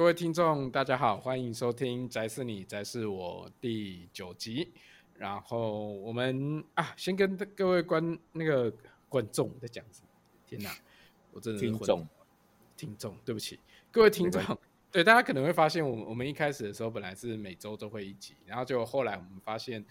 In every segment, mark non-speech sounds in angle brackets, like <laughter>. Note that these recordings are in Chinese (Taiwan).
各位聽眾，大家好，歡迎收聽《宅是你，宅是我》第九集。然後我們啊，先跟各位觀那個觀眾在講什麼。天哪，我真的聽眾中，聽眾，對不起，各位聽眾。對，大家可能會發現，我們我們一開始的時候本來是每周都會一集，然後結果後來我們發現，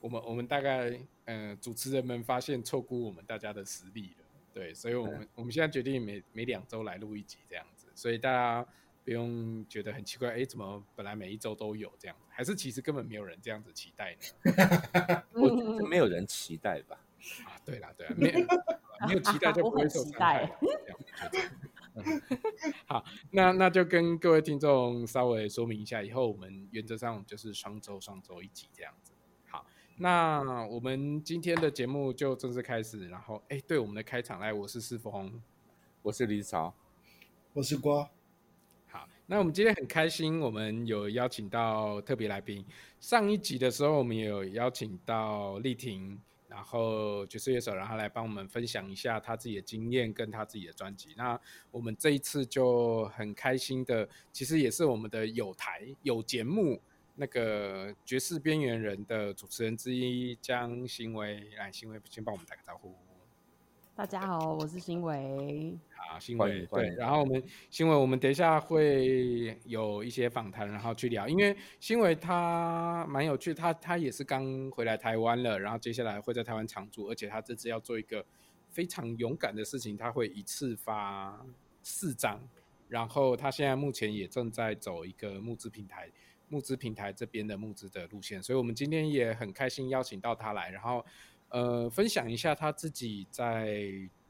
我們我們大概呃主持人們發現錯估我們大家的實力了。對，所以我們、嗯、我們現在決定每每兩周來錄一集這樣子。所以大家。不用覺得很奇怪，哎，怎麼本來每一周都有這樣子？還是其實根本沒有人這樣子期待呢？ <laughs> 我覺得沒有人期待吧。啊，對啦，對啦，沒有， <laughs> 沒有期待就不會受傷害。 <laughs> 這樣子就這樣。好，那那就跟各位聽眾稍微說明一下，以後我們原則上就是雙週雙週一集這樣子。好，那我們今天的節目就正式開始。然後，哎，對，我們的開場，來，我是思風，我是李子潮，我是瓜。那我們今天很開心，我們有邀請到特別來賓。上一集的時候，我們也有邀請到麗婷，然後爵士樂手，然後來幫我們分享一下他自己的經驗跟他自己的專輯。那我們這一次就很開心的，其實也是我們的有台有節目那個爵士邊緣人的主持人之一江忻薇，來忻薇先幫我們打個招呼。大家好，我是忻薇。啊，忻薇，歡迎，對，然後我們忻薇，我們等一下會有一些訪談，然後去聊，因為忻薇他蠻有趣，他他也是剛回來台灣了，然後接下來會在台灣長住，而且他這次要做一個非常勇敢的事情，他會一次發四張，然後他現在目前也正在走一個募資平台，募資平台這邊的募資的路線，所以我們今天也很開心邀請到他來，然後。呃，分享一下他自己在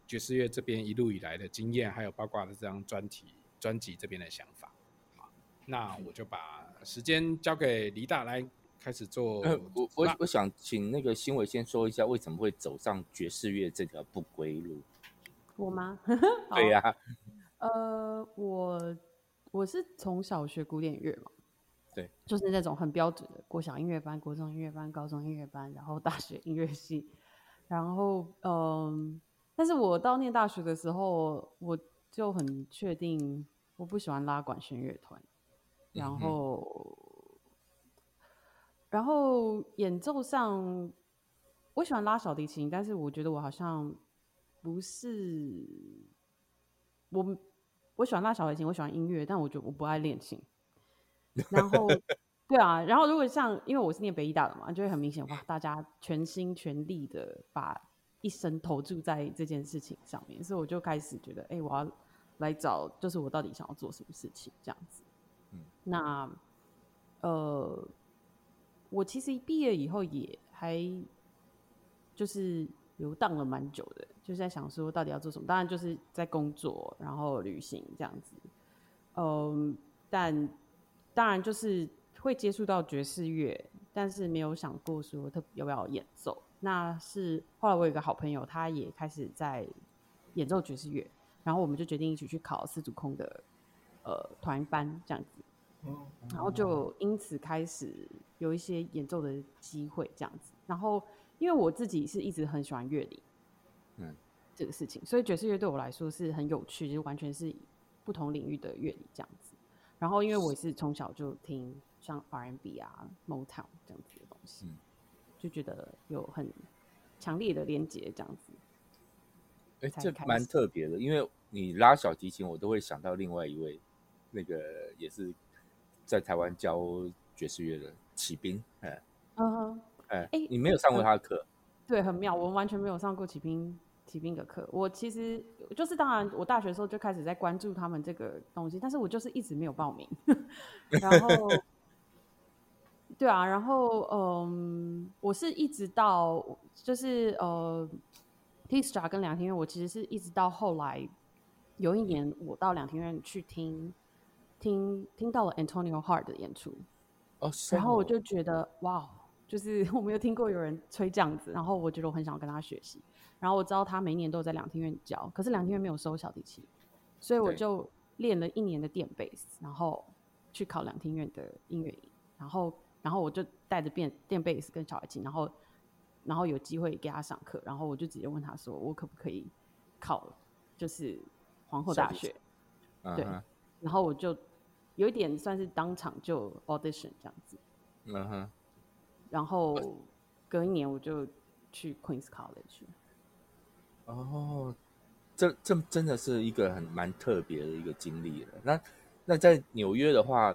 爵士樂這邊一路以來的經驗，還有《八卦》的這張專輯，專輯這邊的想法。嗯、那我就把時間交給李大來開始做。呃、我我我想請那個忻薇先說一下，為什麼會走上爵士樂這個不歸路？我嗎？ <laughs> 好對呀、啊。呃，我我是從小學古典樂嘛。對，就是那種很標準的國小音樂班、國中音樂班、高中音樂班，然後大學音樂系，然後嗯，但是我到念大學的時候，我就很確定我不喜歡拉管弦樂團，然後，嗯、哼然後演奏上我喜歡拉小提琴，但是我覺得我好像不是我我喜歡拉小提琴，我喜歡音樂，但我覺得我不愛練琴。 <laughs> 然後，對啊，然後如果像因為我是念北藝大的嘛，就會很明顯哇，大家全心全力的把一生投注在這件事情上面，所以我就開始覺得，哎、欸，我要來找，就是我到底想要做什麼事情這樣子。嗯，那呃，我其實一畢業以後也還就是遊蕩了蠻久的，就是在想說到底要做什麼，當然就是在工作，然後旅行這樣子。嗯、呃，但。當然，就是會接觸到爵士樂，但是沒有想過說特別要不要演奏。那是後來我有一個好朋友，他也開始在演奏爵士樂，然後我們就決定一起去考絲竹空的呃、團班這樣子，然後就因此開始有一些演奏的機會這樣子。然後因為我自己是一直很喜歡樂理，嗯，這個事情，所以爵士樂對我來說是很有趣，就是完全是不同領域的樂理這樣子。然後，因為我也是從小就聽像 R&B 啊是、Motown 這樣子的東西，嗯、就覺得有很強烈的連接這樣子。哎誒，這蠻特別的，因為你拉小提琴，我都會想到另外一位那個也是在台灣教爵士樂的啟彬。哎、嗯，uh huh. 嗯哼，哎哎、嗯，你沒有上過他的課、嗯嗯？對，很妙，我們完全沒有上過啟彬提兵的課，我其實就是當然，我大學的時候就開始在關注他們這個東西，但是我就是一直沒有報名。 <laughs> 然後， <laughs> 對啊，然後嗯、呃、我是一直到就是呃，Tista 跟兩廳院，我其實是一直到後來有一年，我到兩廳院去聽聽聽到了 Antonio Hart 的演出，哦、oh, so，oh. 然後我就覺得哇，就是我沒有聽過有人吹這樣子，然後我覺得我很想跟他學習。然後我知道他每年都有在兩廳院教，可是兩廳院沒有收小提琴，所以我就練了一年的電貝斯對，然後去考兩廳院的音樂營，然後然後我就帶着電電貝斯跟小提琴，然後然後有機會給他上課，然後我就直接問他說：“我可不可以考，就是皇後大學？”以對，uh huh. 然後我就有一點算是當場就 audition 這樣子，嗯哼、uh，huh. 然後隔一年我就去 Queen's College。哦，這這真的是一個很蠻特別的一個經歷了。那那在紐約的話，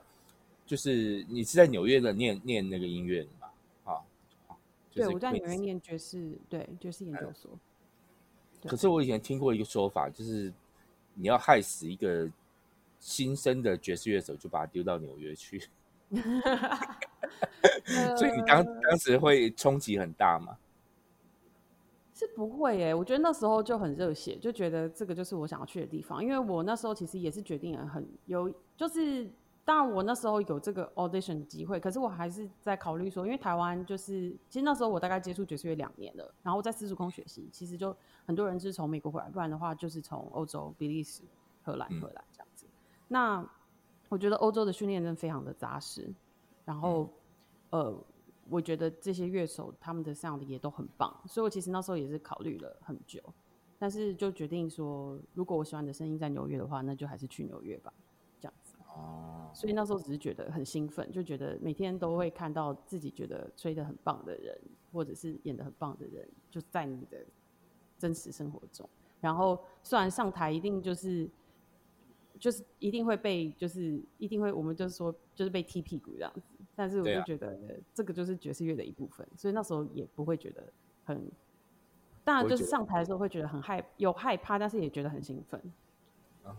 就是你是在紐約的念念那個音樂的嘛？好、哦，就是、對，我在紐約念爵士，對，爵士研究所。嗯、對可是我以前聽過一個說法，就是你要害死一個新生的爵士樂手，就把他丟到紐約去。 <laughs> <laughs> 所以你當、呃、當時會衝擊很大嗎？是不會哎、欸，我覺得那時候就很熱血，就覺得這個就是我想要去的地方。因為我那時候其實也是決定了很有，就是當然我那時候有這個 audition 機會，可是我還是在考慮說，因為台灣就是其實那時候我大概接觸爵士樂兩年了，然後在司徒空學習，其實就很多人是從美國回來，不然的話就是從歐洲、比利時、荷蘭荷蘭這樣子。那我覺得歐洲的訓練真的非常的紮實，然後、嗯、呃。我覺得這些樂手他們的 sound 也都很棒，所以我其實那時候也是考慮了很久，但是就決定說，如果我喜歡的聲音在紐約的話，那就還是去紐約吧，這樣子。哦。所以那時候只是覺得很興奮，就覺得每天都會看到自己覺得吹得很棒的人，或者是演得很棒的人，就在你的真實生活中。然後雖然上台一定就是就是一定會被就是一定會，我們就是說就是被踢屁股這樣子。但是我就覺得這個就是爵士樂的一部分，啊、所以那時候也不會覺得很，得當然就是上台的時候會覺得很害有害怕，但是也覺得很興奮，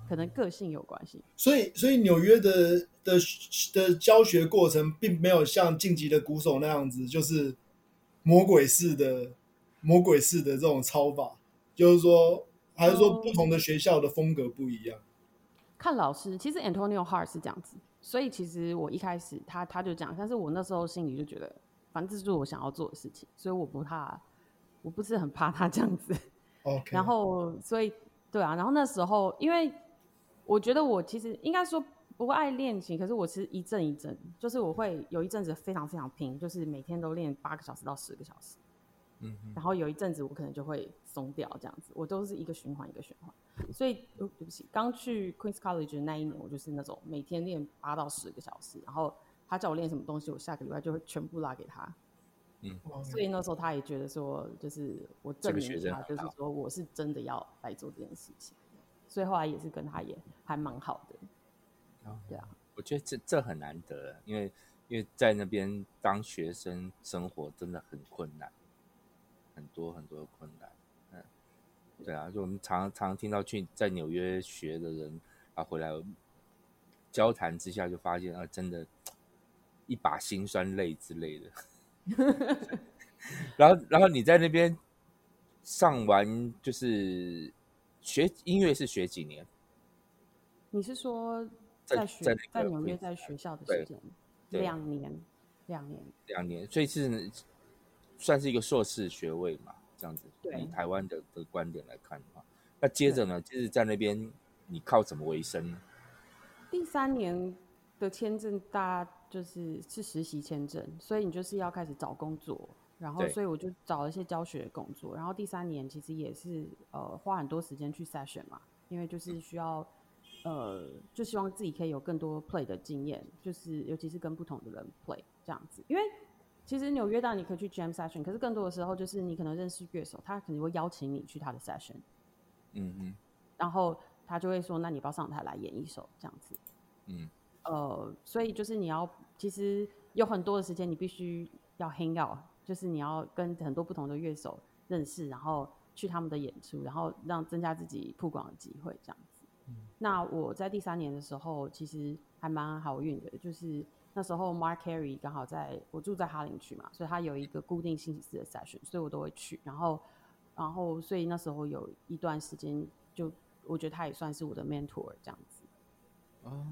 可能個性有關係。所以，所以紐約的的的教學過程並沒有像進擊的鼓手那樣子，就是魔鬼式的魔鬼式的這種操法，就是說還是說不同的學校的風格不一樣，嗯、看老師。其實 Antonio Hart 是這樣子。所以其實我一開始他他就這樣，但是我那時候心裡就覺得，反正這是我想要做的事情，所以我不怕，我不是很怕他這樣子。Okay. 然後所以對啊，然後那時候因為我覺得我其實應該說不會愛練琴，可是我其實一陣一陣，就是我會有一陣子非常非常拼，就是每天都練八個小時到十個小時。嗯哼。然後有一陣子我可能就會鬆掉這樣子，我都是一個循環一個循環。所以、嗯，對不起，剛去 Queen's College 的那一年，我就是那種每天練八到十個小時，然後他叫我練什麼東西，我下個禮拜就會全部拉給他。嗯，所以那時候他也覺得說，就是我證明一下，就是說我是,、嗯、我是真的要來做這件事情。所以後來也是跟他也還蠻好的。哦、嗯，對啊樣，我覺得這這很難得，因為因為在那邊當學生生活真的很困難，很多很多困難。對啊，就我們常常聽到去在紐約學的人啊回來交談之下，就發現啊，真的，一把辛酸淚之類的。 <laughs> <laughs> 然後，然後你在那邊上完就是學音樂是學幾年？你是說在學，在學，在紐約在學校的時間兩年？兩年？兩年，所以是算是一個碩士學位嘛？這樣子，以台灣的的觀點來看的話對、啊，那接着呢，就是在那邊你靠什麼為生呢？第三年的簽證，大家就是是實習簽證，所以你就是要開始找工作，然後對所以我就找了一些教學工作，然後第三年其實也是呃花很多時間去篩選嘛，因為就是需要、嗯、呃就希望自己可以有更多 play 的經驗，就是尤其是跟不同的人 play 這樣子，因為。其實紐約大，你可以去 jam session，可是更多的時候就是你可能認識樂手，他可能會邀請你去他的 session，、嗯、哼然後他就會說，那你不要上台來演一首這樣子，嗯、呃，所以就是你要，其實有很多的時間，你必須要 hang out，就是你要跟很多不同的樂手認識，然後去他們的演出，然後讓增加自己曝光的機會這樣子。嗯、那我在第三年的時候，其實還蠻好運的，就是。那時候，Mark Carey 剛好在我住在哈林區嘛，所以他有一個固定星期四的 session，所以我都會去。然後，然後，所以那時候有一段時間就，就我覺得他也算是我的 mentor 這樣子。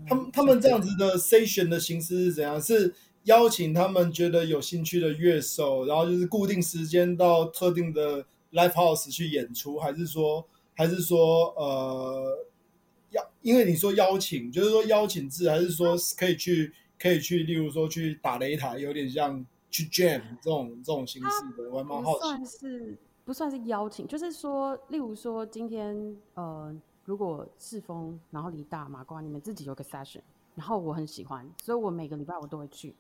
他們他們這樣子的 session 的形式是怎樣？是邀請他們覺得有興趣的樂手，然後就是固定時間到特定的 live house 去演出，還是說，還是說，呃，邀？因為你說邀請，就是說邀請制，還是說可以去？可以去，例如說去打擂台，有點像去 jam 這種這種形式的玩。蠻好奇，不算是不算是邀請，就是說，例如說今天呃，如果赤峰，然後理大、馬光，你們自己有個 session，然後我很喜歡，所以我每個禮拜我都會去。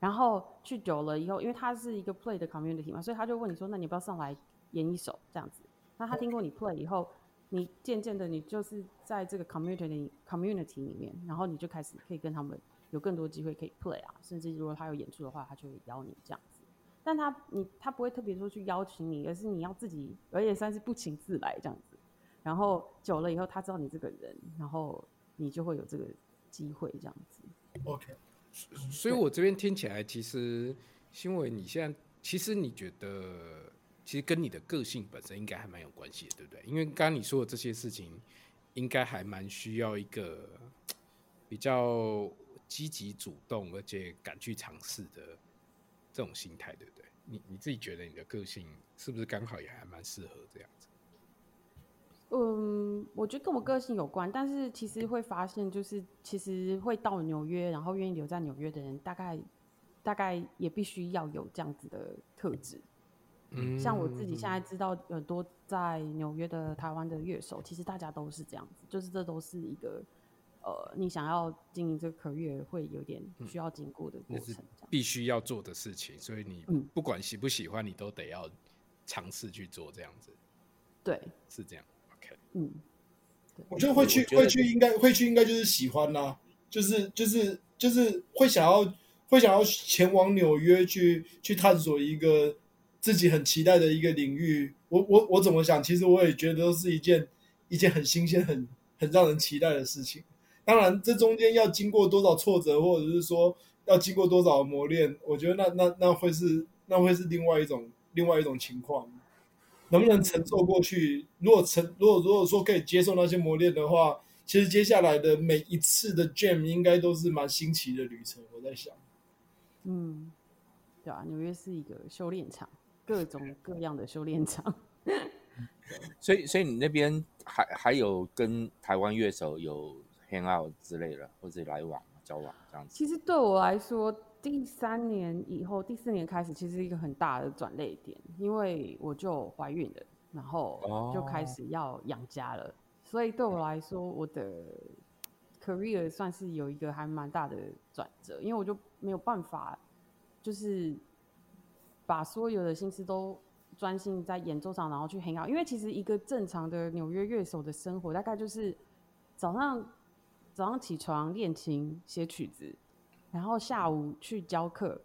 然後去久了以後，因為他是一個 play 的 community 嘛，所以他就問你說：“那你不要上來演一首這樣子？”那他聽過你 play 以後，你漸漸的你就是在這個 community community 裡面，然後你就開始可以跟他們。有更多機會可以 play 啊，甚至如果他有演出的話，他就會邀你這樣子。但他你他不會特別說去邀請你，而是你要自己，而且算是不請自來這樣子。然後久了以後，他知道你這個人，然後你就會有這個機會這樣子。OK，對所以，我這邊聽起來其實，忻薇你現在其實你覺得，其實跟你的個性本身應該還蠻有關係的，對不對？因為剛剛你說的這些事情，應該還蠻需要一個比較。積極主動，而且敢去嘗試的這種心態，對不對？你你自己覺得你的個性是不是剛好也還蠻適合這樣子？嗯，我覺得跟我個性有關，但是其實會發現，就是其實會到紐約，然後願意留在紐約的人，大概大概也必須要有這樣子的特質。嗯，像我自己現在知道很多在紐約的台灣的樂手，其實大家都是這樣子，就是這都是一個。呃，你想要經營這個可 a 會有點需要經過的過程，嗯，就是、必須要做的事情，所以你不管喜不喜歡，嗯、你都得要嘗試去做這樣子。對，是這樣。OK，嗯，對，我覺得會去得會去應該會去應該就是喜歡啦，就是就是就是會想要會想要前往紐約去去探索一個自己很期待的一個領域。我我我怎麼想？其實我也覺得是一件一件很新鮮、很很讓人期待的事情。當然，這中間要經過多少挫折，或者是說要經過多少磨練，我覺得那那那會是那會是另外一種另外一種情況，能不能承受過去？如果承如果如果說可以接受那些磨練的話，其實接下來的每一次的 jam 應該都是蠻新奇的旅程。我在想，嗯，對啊，紐約是一個修煉場，各種各樣的修煉場。 <laughs> 所以，所以你那邊還還有跟台灣樂手有。hang out 之類的，或者來往交往這樣子。其實對我來說，第三年以後，第四年開始，其實是一個很大的轉捩點，因為我就懷孕了，然後就開始要養家了。Oh. 所以對我來說，我的 career 算是有一個還蠻大的轉折，因為我就沒有辦法，就是把所有的心思都專心在演奏上，然後去 hang out。因為其實一個正常的紐約樂手的生活，大概就是早上。早上起床練琴寫曲子，然後下午去教課，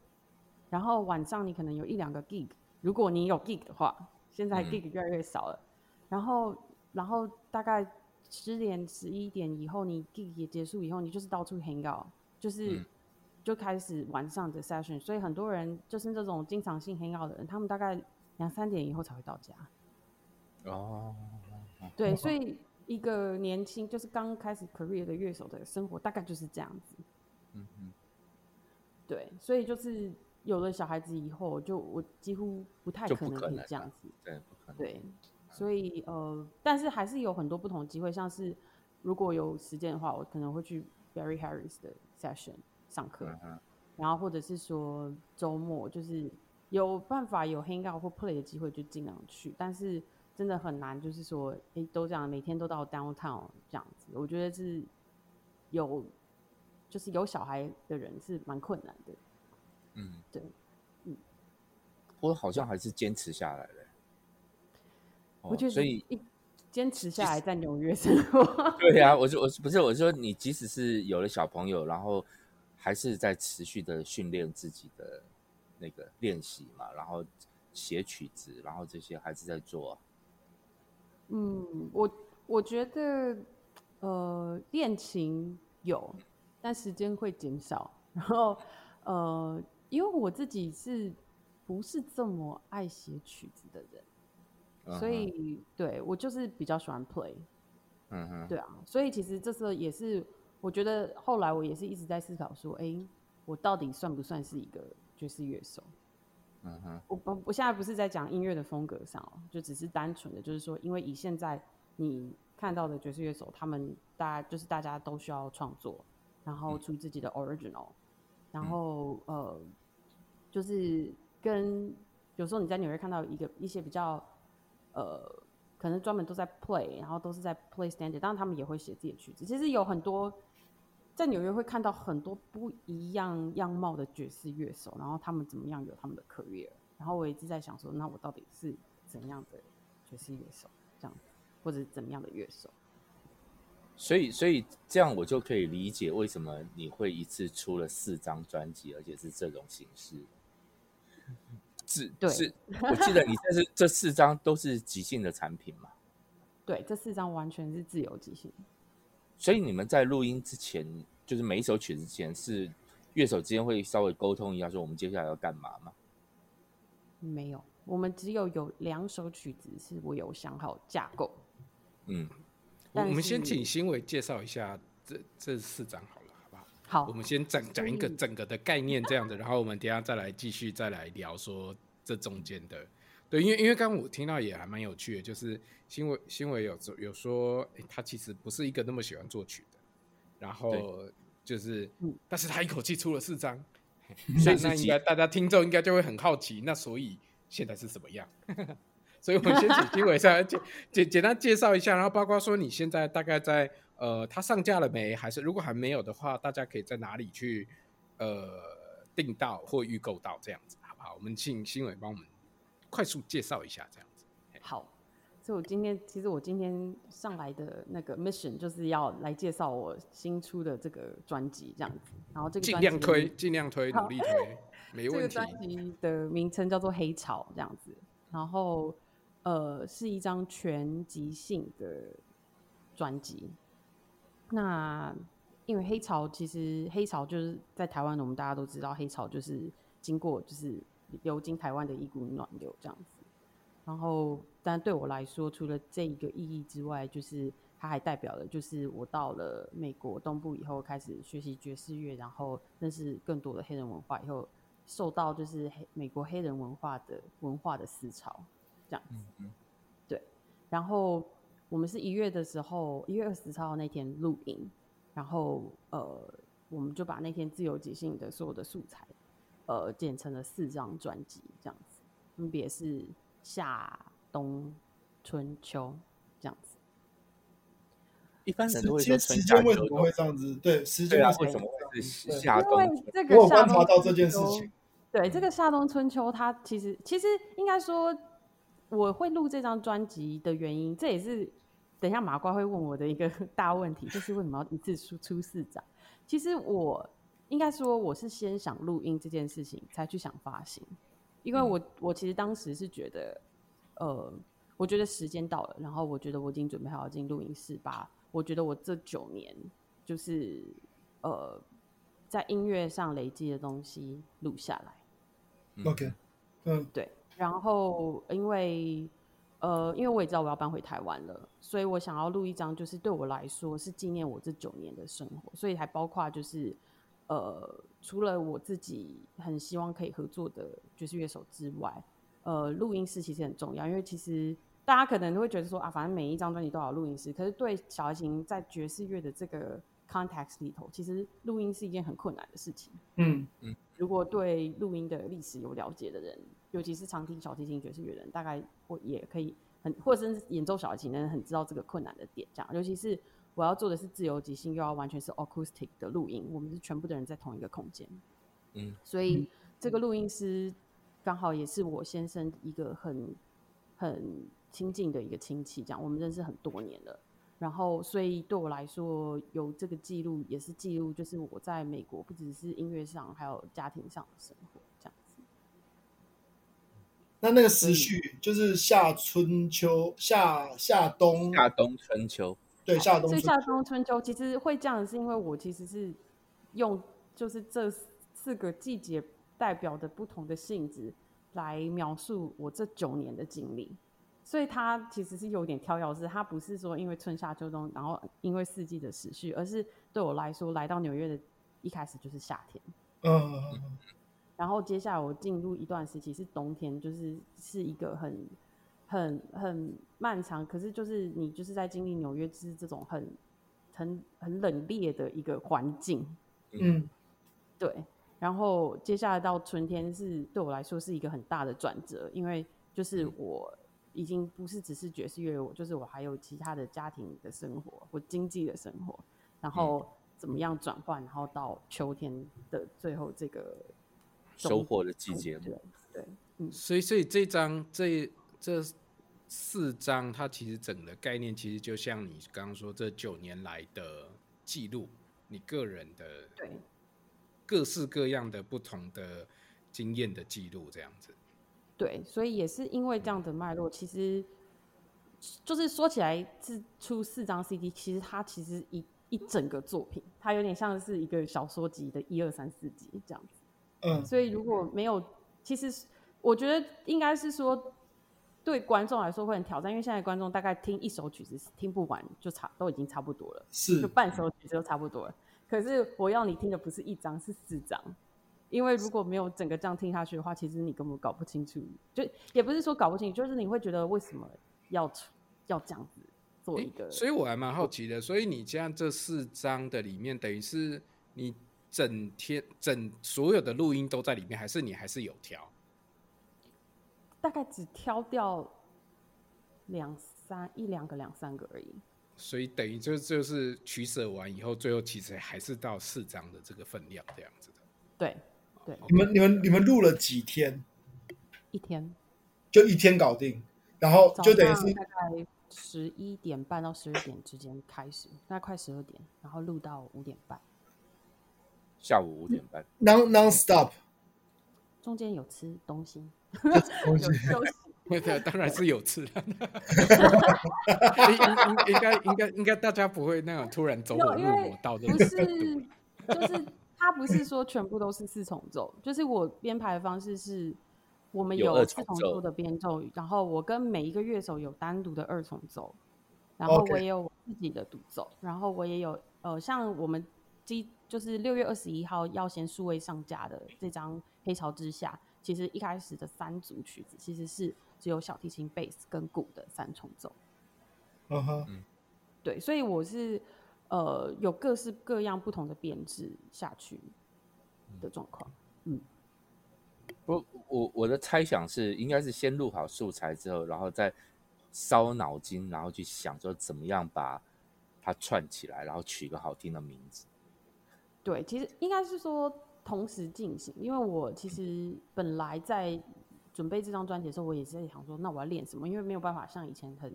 然後晚上你可能有一兩個 gig。如果你有 gig 的話，現在 gig 越來越少了。嗯、然後，然後大概十點十一點以後，你 gig 也結束以後，你就是到處 hang out，就是、嗯、就開始晚上的 session。所以很多人就是這種經常性 hang out 的人，他們大概兩三點以後才會到家。哦，對， <laughs> 所以。一個年輕就是剛開始 career 的樂手的生活大概就是這樣子，嗯嗯哼，對，所以就是有了小孩子以後，就我幾乎不太可能可以這樣子，對、啊，對，對嗯、所以呃，但是還是有很多不同的機會，像是如果有時間的話，我可能會去 Barry Harris 的 session 上課，嗯、哼然後或者是說周末就是有辦法有 hang out 或 play 的機會就盡量去，但是。真的很難，就是說，哎、欸，都這樣，每天都到 downtown 這樣子，我覺得是有，就是有小孩的人是蠻困難的。嗯，對，嗯，我好像還是堅持下來了、欸。我覺得，所以堅持下來在紐約生活、就是。對呀、啊，我是我是不是我是說，你即使是有了小朋友，然後還是在持續的訓練自己的那個練習嘛，然後寫曲子，然後這些還是在做。嗯，我我覺得，呃，練琴有，但時間會減少。然後，呃，因為我自己是，不是這麼愛寫曲子的人，所以、uh huh. 對我就是比較喜歡 play、uh。嗯哼，對啊，所以其實這時候也是，我覺得後來我也是一直在思考說，哎，我到底算不算是一個爵士樂手？嗯哼，uh huh. 我我我現在不是在講音樂的風格上哦，就只是單純的就是說，因為以現在你看到的爵士樂手，他們大家就是大家都需要創作，然後出自己的 original，、嗯、然後呃，就是跟有時候你在紐約看到一個一些比較呃，可能專門都在 play，然後都是在 play standard，當然他們也會寫自己的曲子，其實有很多。在紐約會看到很多不一樣樣貌的爵士樂手，然後他們怎麼樣有他們的 career，然後我一直在想說，那我到底是怎樣的爵士樂手這樣，或者是怎樣的樂手？所以，所以這樣我就可以理解為什麼你會一次出了四張專輯，而且是這種形式，是對，是我記得你這是 <laughs> 這四張都是即興的產品嘛？對，這四張完全是自由即興。所以你們在錄音之前，就是每一首曲子之前，是樂手之間會稍微溝通一下，要說我們接下來要幹嘛嗎？沒有，我們只有有兩首曲子是我有想好架構。嗯是我，我們先請忻薇介紹一下這這四張好了，好不好？好，我們先整講一個整個的概念這樣子， <laughs> 然後我們等一下再來繼續再來聊說這中間的。對，因為因為剛剛我聽到也還蠻有趣的，就是忻薇忻薇有有說、欸，他其實不是一個那麼喜歡作曲的，然後就是，對但是他一口氣出了四張，所以那應該、嗯、大家聽眾應該就會很好奇，那所以現在是什麼樣？ <laughs> 所以我們先請忻薇先 <laughs> 簡簡單介紹一下，然後包括說你現在大概在呃，他上架了沒？還是如果還沒有的話，大家可以在哪裡去呃訂到或預購到這樣子，好不好？我們請忻薇幫我們。快速介紹一下這樣子。好，所以我今天其實我今天上來的那個 mission 就是要來介紹我新出的這個專輯這樣子。然後這個盡量推，盡量推，好努力推，沒問題。這個專輯的名稱叫做《黑潮》這樣子。嗯、然後呃，是一張全即興的專輯。那因為《黑潮》其實《黑潮》就是在台灣，我們大家都知道，《黑潮》就是經過就是。流經台灣的一股暖流，這樣子。然後，但對我來說，除了這一個意義之外，就是它還代表了，就是我到了美國東部以後，開始學習爵士樂，然後認識更多的黑人文化，以後受到就是黑美國黑人文化的文化的思潮，這樣子。對。然後我們是一月的時候，一月二十號那天錄音，然後呃，我們就把那天自由即興的所有的素材。呃，剪成了四張專輯這樣子，分別是夏、冬、春秋這樣子。一般其實時間為什麼會這樣子？對，時間為什麼會夏冬？對因為這個我觀察到這件事情。對，這個夏冬春秋，它其實、嗯、其實應該說，我會錄這張專輯的原因，這也是等一下馬瓜會問我的一個大問題，就是為什麼要一次輸出四張？ <laughs> 其實我。應該說，我是先想錄音這件事情，才去想發行。因為我、嗯、我其實當時是覺得，呃，我覺得時間到了，然後我覺得我已經準備好進錄音室，把我覺得我這九年就是呃在音樂上累積的東西錄下來。OK，嗯，okay. Um. 對。然後因為呃，因為我也知道我要搬回台灣了，所以我想要錄一張，就是對我來說是紀念我這九年的生活，所以還包括就是。呃，除了我自己很希望可以合作的爵士樂手之外，呃，錄音師其實很重要，因為其實大家可能會覺得說啊，反正每一張專輯都有錄音師，可是對小提琴在爵士樂的這個 context 裡頭，其實錄音是一件很困難的事情。嗯嗯，嗯如果對錄音的歷史有了解的人，尤其是常聽小提琴爵士樂人，大概或也可以很，或者是演奏小提琴的人很知道這個困難的點，這樣，尤其是。我要做的是自由即興，又要完全是 acoustic 的錄音。我們是全部的人在同一個空間，嗯，所以這個錄音師剛好也是我先生一個很很親近的一個親戚，這樣我們認識很多年了。然後，所以對我來說，有這個記錄也是記錄，就是我在美國，不只是音樂上，還有家庭上的生活這樣子。那那個時序就是夏、春秋、夏、夏冬、夏冬、春秋。對，夏冬春秋，夏冬春秋其實會這樣，是因為我其實是用就是這四個季節代表的不同的性質來描述我這九年的經歷，所以它其實是有點跳躍式，它不是說因為春夏秋冬，然後因為四季的時序，而是對我來說，來到紐約的一開始就是夏天，嗯、uh，然後接下來我進入一段時期是冬天，就是是一個很。很很漫長，可是就是你就是在經歷紐約是這種很很很冷冽的一個環境，嗯，對。然後接下來到春天是對我來說是一個很大的轉折，因為就是我已經不是只是爵士樂，我、嗯、就是我還有其他的家庭的生活，我經濟的生活，然後怎麼樣轉換，嗯、然後到秋天的最後這個收穫的季節，對，嗯。所以所以這張這這。四張，它其實整個概念其實就像你剛剛說，這九年來的記錄，你個人的對，各式各樣的不同的經驗的記錄這樣子。對，所以也是因為這樣的脈絡，嗯、其實就是說起來是出四張 CD，其實它其實一一整個作品，它有點像是一個小說集的一二三四集這樣子。嗯，嗯，所以如果沒有，嗯、其實我覺得應該是說。對觀眾來說會很挑戰，因為現在觀眾大概聽一首曲子聽不完就差都已經差不多了，是就半首曲子都差不多了。可是我要你聽的不是一張，是四張，因為如果沒有整個這樣聽下去的話，其實你根本搞不清楚，就也不是說搞不清楚，就是你會覺得為什麼要要這樣子做一個。所以我還蠻好奇的，嗯、所以你這樣這四張的裡面，等於是你整天整所有的錄音都在裡面，還是你還是有挑？大概只挑掉兩三一兩個兩三個而已，所以等於就是、就是取舍完以後，最後其實還是到四張的這個分量這樣子的。對對，你你們你們你們錄了幾天？一天，就一天搞定，然後就等於是大概十一點半到十二點之間開始，那快十二點，然後錄到五點半，下午五點半，non non stop。嗯中間有吃東西，東西 <laughs> 有休息， <laughs> 對，當然是有吃的。應應該應該應該大家不會那個突然走火入魔道的。不是， <laughs> 就是他不是說全部都是四重奏， <laughs> 就是我編排的方式是，我們有四重奏的編奏，然後我跟每一個樂手有單獨的二重奏，然後我也有我自己的獨奏，然後我也有 Okay. 呃，像我們這就是六月二十一號要先數位上架的這張。黑潮之下，其實一開始的三組曲子其實是只有小提琴、貝斯跟鼓的三重奏。哦、哈對，所以我是呃有各式各樣不同的編制下去的狀況。嗯，嗯我我的猜想是，應該是先錄好素材之後，然後再燒腦筋，然後去想說怎麼樣把它串起來，然後取個好聽的名字。對，其實應該是說。同時進行，因為我其實本來在準備這張專輯的時候，我也是在想說，那我要練什麼？因為沒有辦法像以前很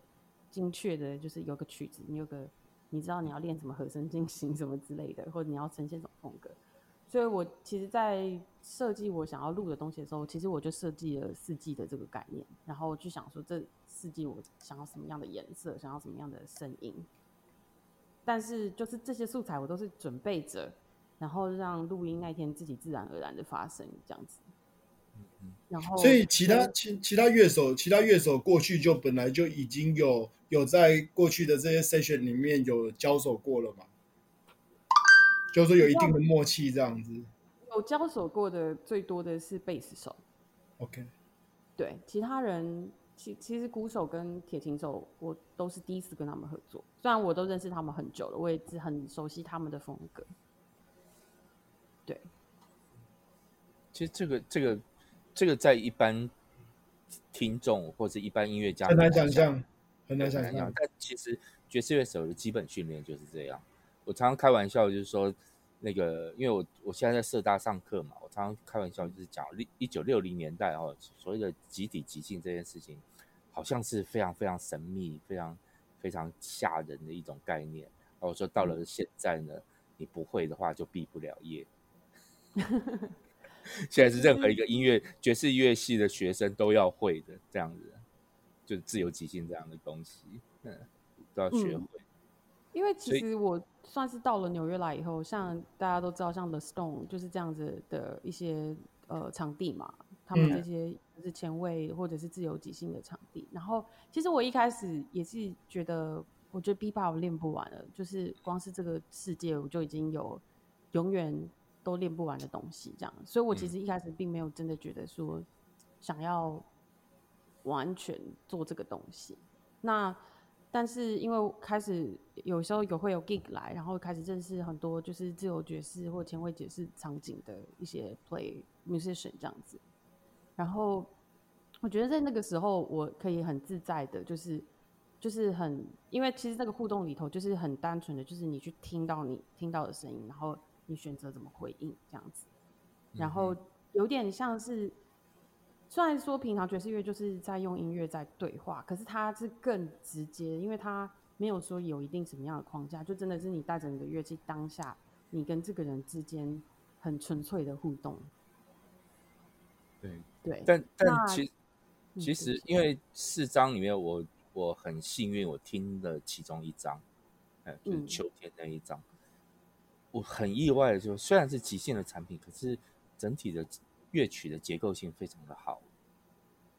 精確的，就是有個曲子，你有個你知道你要練什麼和聲進行什麼之類的，或者你要呈現什麼風格。所以我其實在設計我想要錄的東西的時候，其實我就設計了四季的這個概念，然後去想說這四季我想要什麼樣的顏色，想要什麼樣的聲音。但是就是這些素材我都是準備着。然後讓錄音那天自己自然而然的發生這樣子，嗯、然後所以其他、嗯、其其他樂手其他樂手過去就本來就已經有有在過去的這些 session 裡面有交手過了嘛就是說有一定的默契這樣子。有交手過的最多的是貝斯手，OK。對，其他人其其實鼓手跟鐵琴手我都是第一次跟他們合作，雖然我都認識他們很久了，我也很熟悉他們的風格。其實這個這個這個在一般聽眾或者一般音樂家很難想象，很難想象。想象但其實爵士樂手的基本訓練就是這樣。我常常開玩笑，就是說那個，因為我我現在在社大上課嘛，我常常開玩笑就是講一九六零年代哦，所謂的集體即興這件事情，好像是非常非常神秘、非常非常嚇人的一種概念。我說到了現在呢，你不會的話就畢不了業。 <laughs> 現在是任何一個音樂爵士樂系的學生都要會的這樣子，就是自由即興這樣的東西，嗯、都要學會、嗯。因為其實我算是到了紐約來以後，以像大家都知道，像 The Stone 就是這樣子的一些呃場地嘛，他們這些就是前衛或者是自由即興的場地。嗯、然後其實我一開始也是覺得，我覺得 Bop 我練不完了，就是光是這個世界我就已經有永遠。都練不完的東西，這樣，所以我其實一開始並沒有真的覺得說想要完全做這個東西。那但是因為開始有時候有會有 gig 來，然後開始認識很多就是自由爵士或前衛爵士場景的一些 play musician 這樣子。然後我覺得在那個時候，我可以很自在的，就是就是很，因為其實那個互動裡頭就是很單純的，就是你去聽到你聽到的聲音，然後。你選擇怎麼回應這樣子，然後有點像是，嗯、哼雖然說平常爵士樂就是在用音樂在對話，可是它是更直接，因為它沒有說有一定什麼樣的框架，就真的是你帶着你的樂器，當下你跟這個人之間很純粹的互動。對對，對但但其實那其實因為四張裡面我，我我很幸運，我聽了其中一張，嗯欸，就是秋天那一張。我很意外，就雖然是即興的產品，可是整體的樂曲的結構性非常的好，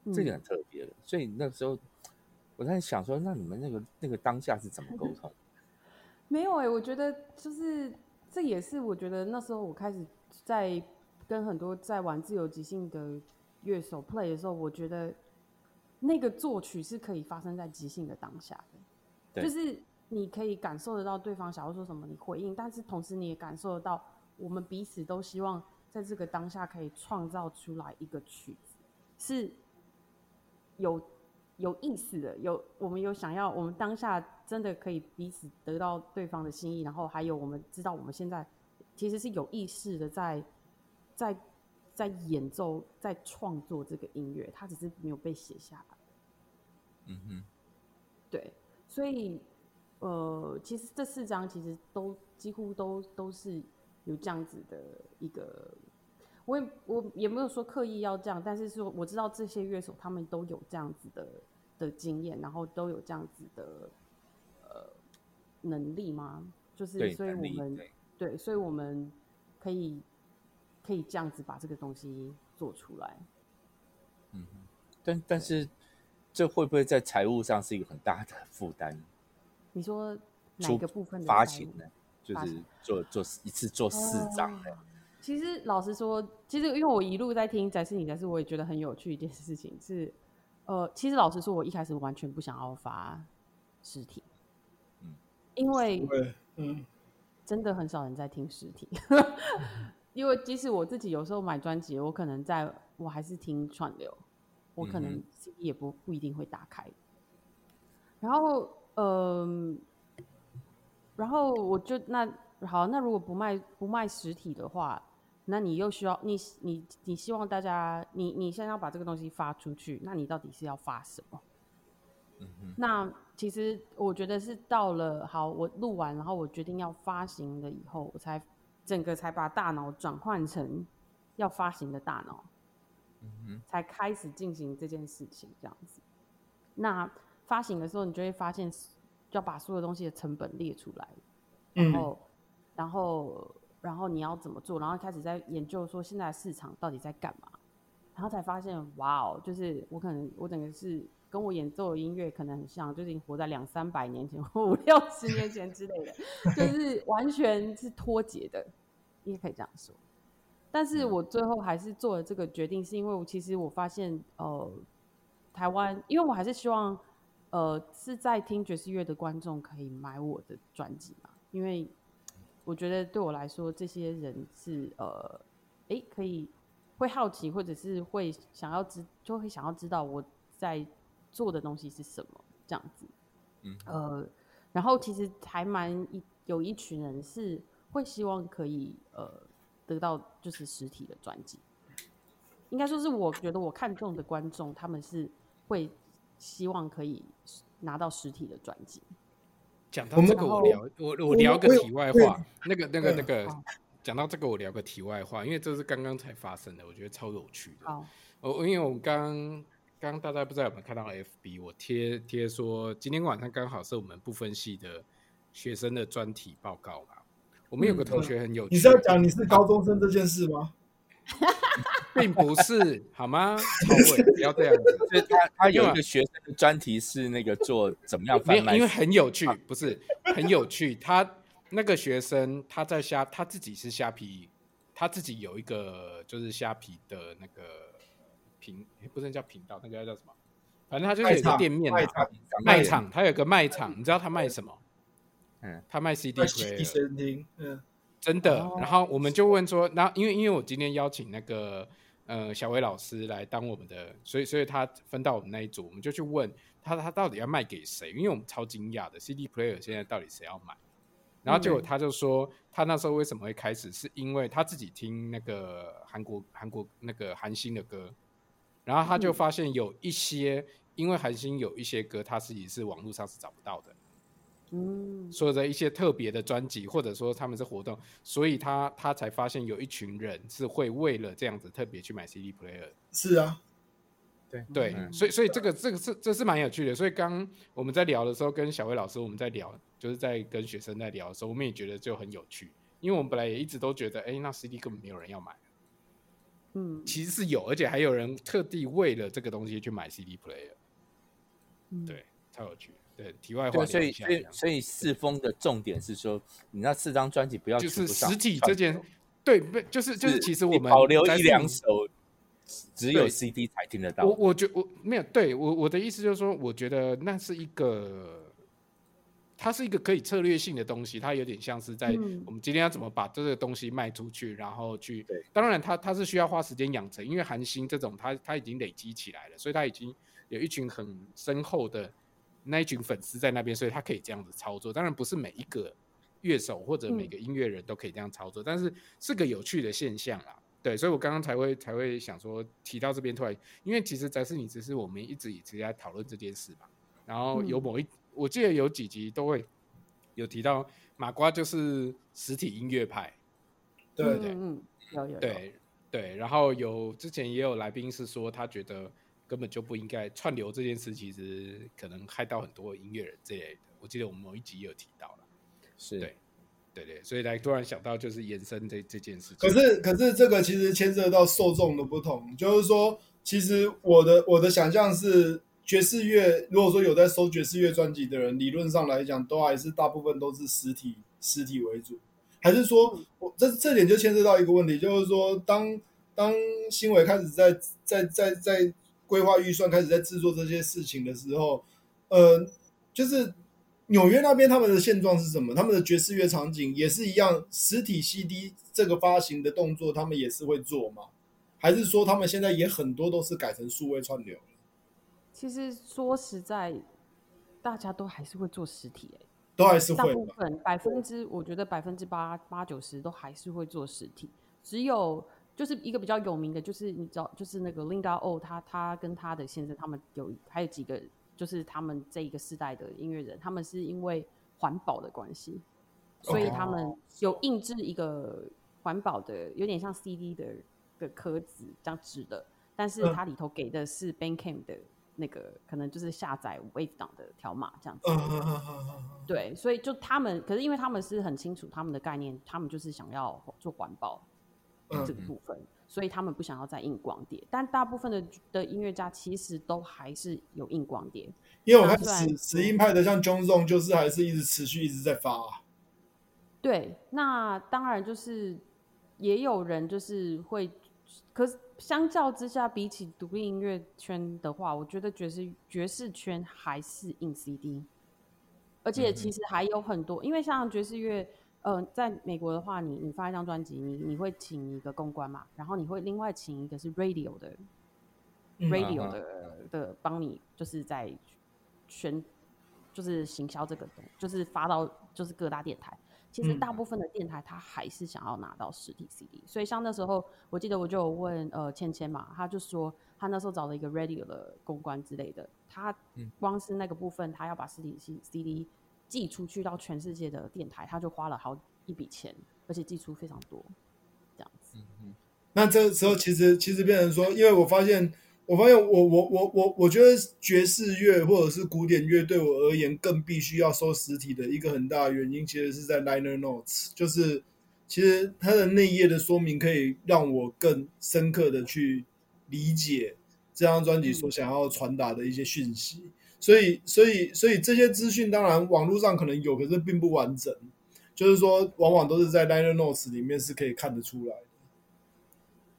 這個很特別的，嗯、所以那時候我在想說，那你們那個那個當下是怎麼溝通？沒有哎、欸，我覺得就是這也是我覺得那時候我開始在跟很多在玩自由即興的樂手 play 的時候，我覺得那個作曲是可以發生在即興的當下的，對就是。你可以感受得到對方想要說什麼，你回應，但是同時你也感受得到，我們彼此都希望在這個當下可以創造出來一個曲子，是有有意思的，有我們有想要，我們當下真的可以彼此得到對方的心意，然後還有我們知道我們現在其實是有意識的在在在演奏，在創作這個音樂，它只是沒有被寫下來。嗯哼，對，所以。呃，其實這四張其實都幾乎都都是有這樣子的一個，我也我也沒有說刻意要這樣，但是說我知道這些樂手他們都有這樣子的的經驗，然後都有這樣子的呃能力嘛，就是所以我們對，對，對，所以我們可以可以這樣子把這個東西做出來。嗯，但但是對這會不會在財務上是一個很大的負擔？你說哪一個部分的發行呢？就是做做，做一次做四張的。哦。其實老實說，其實因為我一路在聽展示你，但是我也覺得很有趣。一件事情是，呃，其實老實說，我一開始完全不想要發實體，嗯，因為嗯，真的很少人在聽實體， <laughs> 因為即使我自己有時候買專輯，我可能在我還是聽串流，我可能也不、嗯、哼不一定會打開，然後。嗯，然後我就那好，那如果不賣不賣實體的話，那你又需要你你你希望大家你你現在要把這個東西發出去，那你到底是要發什麼？嗯哼，那其實我覺得是到了好，我錄完然後我決定要發行了以後，我才整個才把大腦轉換成要發行的大腦，嗯哼，才開始進行這件事情這樣子，那。發行的時候，你就會發現，要把所有的東西的成本列出來，嗯、然後，然後，然後你要怎麼做，然後開始在研究說現在的市場到底在幹嘛，然後才發現，哇哦，就是我可能我整個是跟我演奏的音樂可能很像，就是你活在兩三百年前或五六十年前之類的， <laughs> 就是完全是脫節的，也可以這樣說。但是我最後還是做了這個決定，是因為我其實我發現，呃，台灣，因為我還是希望。呃，是在聽爵士樂的觀眾可以買我的專輯嗎？因為我覺得對我來說，這些人是呃誒，可以會好奇，或者是會想要知，就會想要知道我在做的東西是什麼這樣子。嗯。呃，然後其實還蠻一有一群人是會希望可以呃得到就是實體的專輯，應該說是我覺得我看中的觀眾，他們是會。希望可以拿到實體的專輯。講到這個，我聊、嗯、我我聊個題外話。那個、嗯、對那個那個，講到這個，我聊個題外話，因為這是剛剛才發生的，我覺得超有趣的。哦、嗯，我因為我剛剛剛大家不知道有沒有看到 FB，我貼貼說今天晚上剛好是我們不分系的學生的專題報告嘛。我們有個同學很有趣的、嗯，你是要講你是高中生這件事嗎？ <laughs> 並不是好嗎 <laughs> 超？不要這樣子。所以他他有一個學生的專題是那個做怎麼樣販賣，因為很有趣，不是 <laughs> 很有趣。他那個學生他在蝦，他自己是蝦皮，他自己有一個就是蝦皮的那個頻、欸，不是叫頻道，那個叫什麼？反正他就有一個店面、啊，賣場，他有個賣場，賣場你知道他賣什麼？賣嗯，他賣 CD 碟。嗯，真的。哦、然後我們就問說，那因為因為我今天邀請那個。呃，小薇老師來當我們的，所以所以他分到我們那一組，我們就去問他，他到底要賣給誰？因為我們超驚訝的，CD player 現在到底誰要買？然後結果他就說，他那時候為什麼會開始，是因為他自己聽那個韓國韓國那個韓星的歌，然後他就發現有一些，嗯、因為韓星有一些歌，他自己是網絡上是找不到的。嗯，說的一些特別的專輯，或者說他們是活動，所以他他才發現有一群人是會為了這樣子特別去買 CD player。是啊，對對，嗯、所以所以這個這個是這是蠻有趣的。所以剛我們在聊的時候，跟小薇老師我們在聊，就是在跟學生在聊的時候，我們也覺得就很有趣，因為我們本來也一直都覺得，哎、欸，那 CD 根本沒有人要買。嗯，其實是有，而且還有人特地為了這個東西去買 CD player。嗯、對，超有趣。對，題外話。所以，所以，所以四封的重點是說，你那四張專輯不要就是實體這件，對，不就是就是，是就是其實我們保留一兩首只有 CD 才聽得到。我，我覺我沒有對我我的意思就是說，我覺得那是一個它是一個可以策略性的東西，它有點像是在、嗯、我們今天要怎麼把這個東西賣出去，然後去。對當然它，它它是需要花時間養成，因為韓星這種它，它它已經累積起來了，所以它已經有一群很深厚的。那一群粉絲在那邊，所以他可以這樣子操作。當然不是每一個樂手或者每個音樂人都可以這樣操作，嗯、但是是個有趣的現象啦。對，所以我剛剛才會才會想說提到這邊突然，因為其實翟是你，只是我們一直一直在討論這件事嘛。然後有某一，嗯、我記得有幾集都會有提到馬瓜就是實體音樂派，對對對，嗯，嗯，嗯，有有，有對對，然後有之前也有來賓是說他覺得。根本就不應該串流這件事，其實可能害到很多音樂人這類的。我記得我們某一集也有提到了，是對，對對，對。所以才突然想到，就是延伸這這件事情。可是，可是這個其實牽涉到受眾的不同，就是說，其實我的我的想象是爵士樂，如果說有在收爵士樂專輯的人，理論上來講，都還是大部分都是實體實體為主，還是說我這這點就牽涉到一個問題，就是說當，當當忻薇開始在在在在。在在規劃預算開始在製作這些事情的時候，呃，就是紐約那邊他們的現狀是什麼？他們的爵士樂場景也是一樣，實體 CD 這個發行的動作，他們也是會做嗎？還是說他們現在也很多都是改成數位串流？其實說實在，大家都還是會做實體，欸，都還是會，大部分百分之，我覺得百分之八八九十都還是會做實體，只有。就是一個比較有名的，就是你知道，就是那個 Linda O，他他跟他的先生，他們有還有幾個，就是他們這一個世代的音樂人，他們是因為環保的關係，所以他們有印制一個環保的，有點像 CD 的的殼子這樣子的，但是它裡頭給的是 Bandcamp 的那個，可能就是下載 Wave 檔的條碼這樣子。對，所以就他們，可是因為他們是很清楚他們的概念，他們就是想要做環保。嗯、這個部分，所以他們不想要再硬光碟，但大部分的的音樂家其實都還是有硬光碟。因為我看是死硬派的像 John Zorn 就是還是一直持續一直在發、啊。對，那當然就是也有人就是會，可是相較之下，比起獨立音樂圈的話，我覺得爵士爵士圈還是硬 CD，而且其實還有很多，嗯嗯因為像爵士樂。呃，在美國的話，你你發一張專輯，你你,你會請一個公關嘛，然後你會另外請一個是 radio 的、嗯、radio 的，radio、嗯、的的幫你就是在宣就是行銷這個，就是發到就是各大電台。其實大部分的電台，他、嗯、還是想要拿到實體 CD。所以像那時候，我記得我就有問呃倩倩嘛，她就說她那時候找了一個 radio 的公關之類的，她光是那個部分，她要把實體 CD。寄出去到全世界的電台，他就花了好一筆錢，而且寄出非常多，這樣子。那這時候其實其實變成說，因為我發現，我發現我我我我，我覺得爵士樂或者是古典樂對我而言，更必須要收實體的一個很大的原因，其實是在 liner notes，就是其實它的內頁的說明，可以讓我更深刻的去理解這張專輯所想要傳達的一些訊息。嗯所以，所以，所以這些資訊當然網絡上可能有，可是並不完整。就是說，往往都是在 liner notes 裡面是可以看得出來的。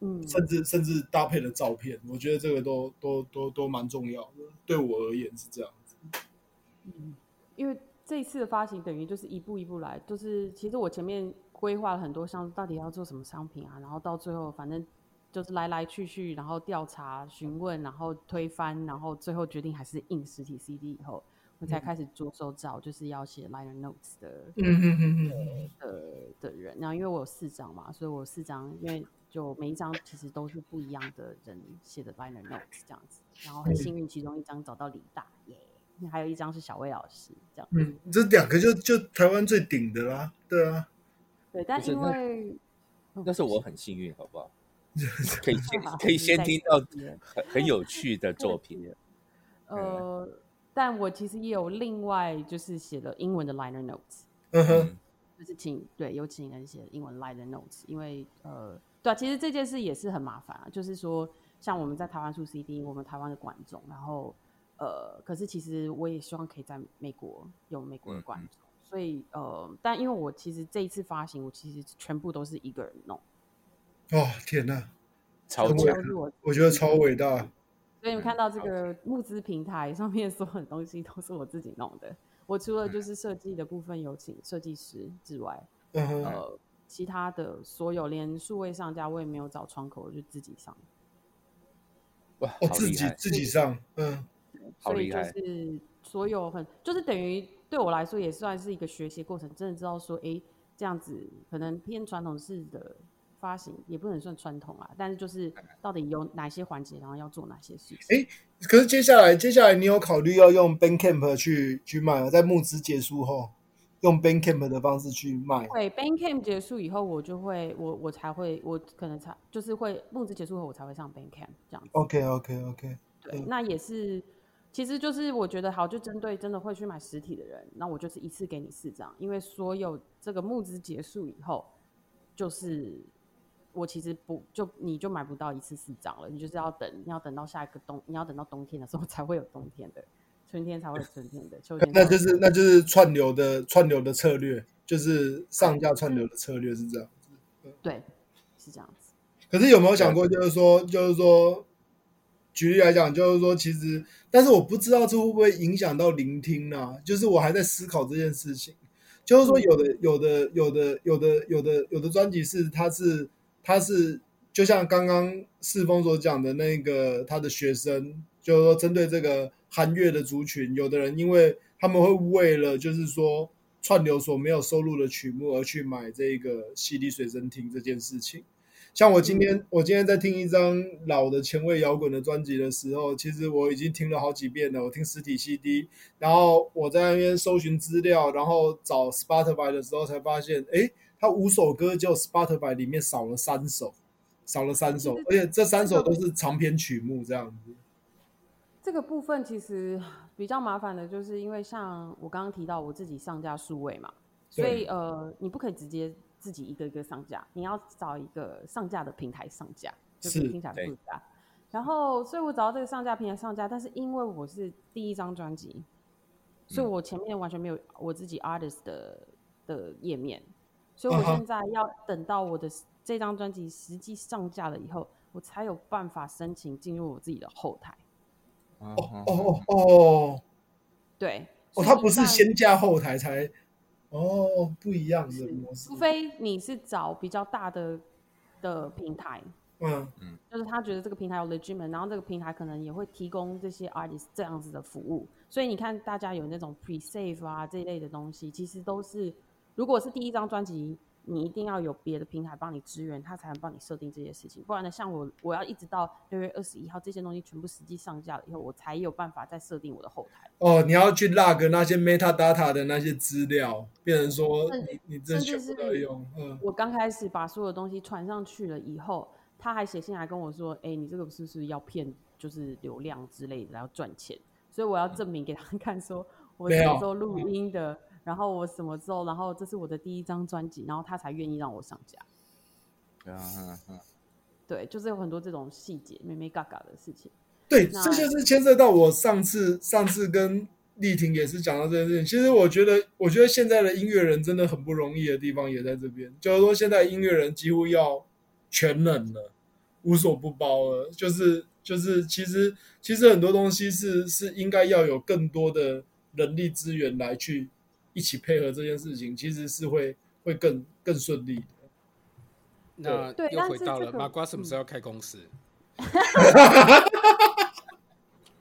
嗯，甚至甚至搭配的照片，我覺得這個都都都都蠻重要的。嗯，對我而言是這樣子。因為這一次的發行等於就是一步一步來，就是其實我前面規劃了很多像，到底要做什麼商品啊，然後到最後反正。就是來來去去，然後調查、詢問，然後推翻，然後最後決定還是印實體 CD 以後，我才、嗯、開始着手找，就是要寫 liner notes 的，嗯哼哼哼哼的的，的人。然後因為我有四張嘛，所以我有四張，因為就每一張其實都是不一樣的人寫的 liner notes 這樣子。然後很幸運，其中一張找到李大，嗯、還有一張是小魏老師。這樣子，嗯，這兩個就就台灣最頂的啦，對啊，對，但是因為，但是，、哦、是我很幸運，好不好？ <laughs> 可以先可以先聽到很很有趣的作品， <laughs> 呃，但我其實也有另外就是寫了英文的 liner notes，嗯哼，就是請對有請人寫英文 liner notes，因為呃，對啊，其實這件事也是很麻煩啊，就是說像我們在台灣出 CD，我們台灣的觀眾，然後呃，可是其實我也希望可以在美國有美國的觀眾，嗯哼，所以呃，但因為我其實這一次發行，我其實全部都是一個人弄。哦，天哪，超偉大！大我覺得超偉大。所以，你們看到這個募資平台上面所有的東西都是我自己弄的。我除了就是設計的部分有請設計師之外，嗯呃、其他的所有連數位上架，我也沒有找窗口，我就自己上。哇，我自己自己上，嗯，好厲害！所以就是所有很，就是等於對我來說也算是一個學習過程，真的知道說，哎，這樣子可能偏傳統式的。發行也不能算傳統啊，但是就是到底有哪些環節，然後要做哪些事情誒？可是接下來，接下來你有考慮要用 Bank Camp 去去賣嗎，在募資結束後，用 Bank Camp 的方式去賣。對，Bank Camp 結束以後，我就會我我才會我可能才就是會募資結束後，我才會上 Bank Camp 這樣子。OK OK OK，, okay. 對，那也是，其實就是我覺得好，就針對真的會去買實體的人，那我就是一次給你四張，因為所有這個募資結束以後，就是。我其實不就你就買不到一次四張了，你就是要等，你要等到下一個冬，你要等到冬天的時候才會有冬天的，春天才會有春天的，就 <laughs> 那就是那就是串流的串流的策略，就是上下串流的策略是這樣子，對，對是這樣子。可是有沒有想過，就是說，就是說，舉例來講，就是說，其實，但是我不知道這會不會影響到聆聽啊？就是我還在思考這件事情。就是說有、嗯有，有的，有的，有的，有的，有的，有的專輯是它是。他是就像剛剛四峰所講的那個，他的學生就是說，針對這個韓樂的族群，有的人因為他們會為了就是說串流所沒有收錄的曲目而去買這個 CD 隨身聽這件事情。像我今天我今天在聽一張老的前衛搖滾的專輯的時候，其實我已經聽了好幾遍了。我聽實體 CD，然後我在那邊搜尋資料，然後找 Spotify 的時候才發現，哎。他五首歌就 Spotify 裡面少了三首，少了三首，實而且這三首都是長篇曲目，這個，這樣子。這個部分其實比較麻煩的，就是因為像我剛剛提到，我自己上架數位嘛，對所以呃，你不可以直接自己一個一個上架，你要找一個上架的平台上架，就是聽起來複雜。然後，所以我找到這個上架平台上架，但是因為我是第一張專輯，嗯、所以我前面完全沒有我自己 artist 的的頁面。所以我現在要等到我的這張專輯實際上架了以後，uh huh. 我才有辦法申請進入我自己的後台。哦哦哦哦，huh. 對，uh huh. 哦，他不是先加後台才，哦、oh,，不一樣的模式。除非你是找比較大的的平台，嗯嗯、uh，huh. 就是他覺得這個平台有 l e g i t m a c 然後這個平台可能也會提供這些 artist 這樣子的服務。所以你看，大家有那種 pre-save 啊這一類的東西，其實都是。如果是第一張專輯，你一定要有別的平台幫你支援，他才能幫你設定這些事情。不然呢，像我，我要一直到六月二十一號，這些東西全部實際上架了以後，我才有辦法再設定我的後台。哦，你要去 log 那些 metadata 的那些資料，變成說你那你甚至是，我剛開始把所有東西傳上去了以後，嗯、他還寫信來跟我說，哎、欸，你這個是不是要騙，就是流量之類的然後賺錢？所以我要證明給他們看，說我做錄音的、嗯。然後我什麼之後，然後這是我的第一張專輯，然後他才願意讓我上架。對，對，就是有很多這種細節、妹妹嘎嘎的事情。對，那這就是牽涉到我上次、上次跟麗婷也是講到這件事情。其實我覺得，我覺得現在的音樂人真的很不容易的地方也在這邊，就是說現在音樂人幾乎要全能了，無所不包了，就是就是其實其實很多東西是是應該要有更多的人力資源來去。一起配合這件事情，其實是會會更更順利的。那又回到了馬瓜什麼時候要開公司？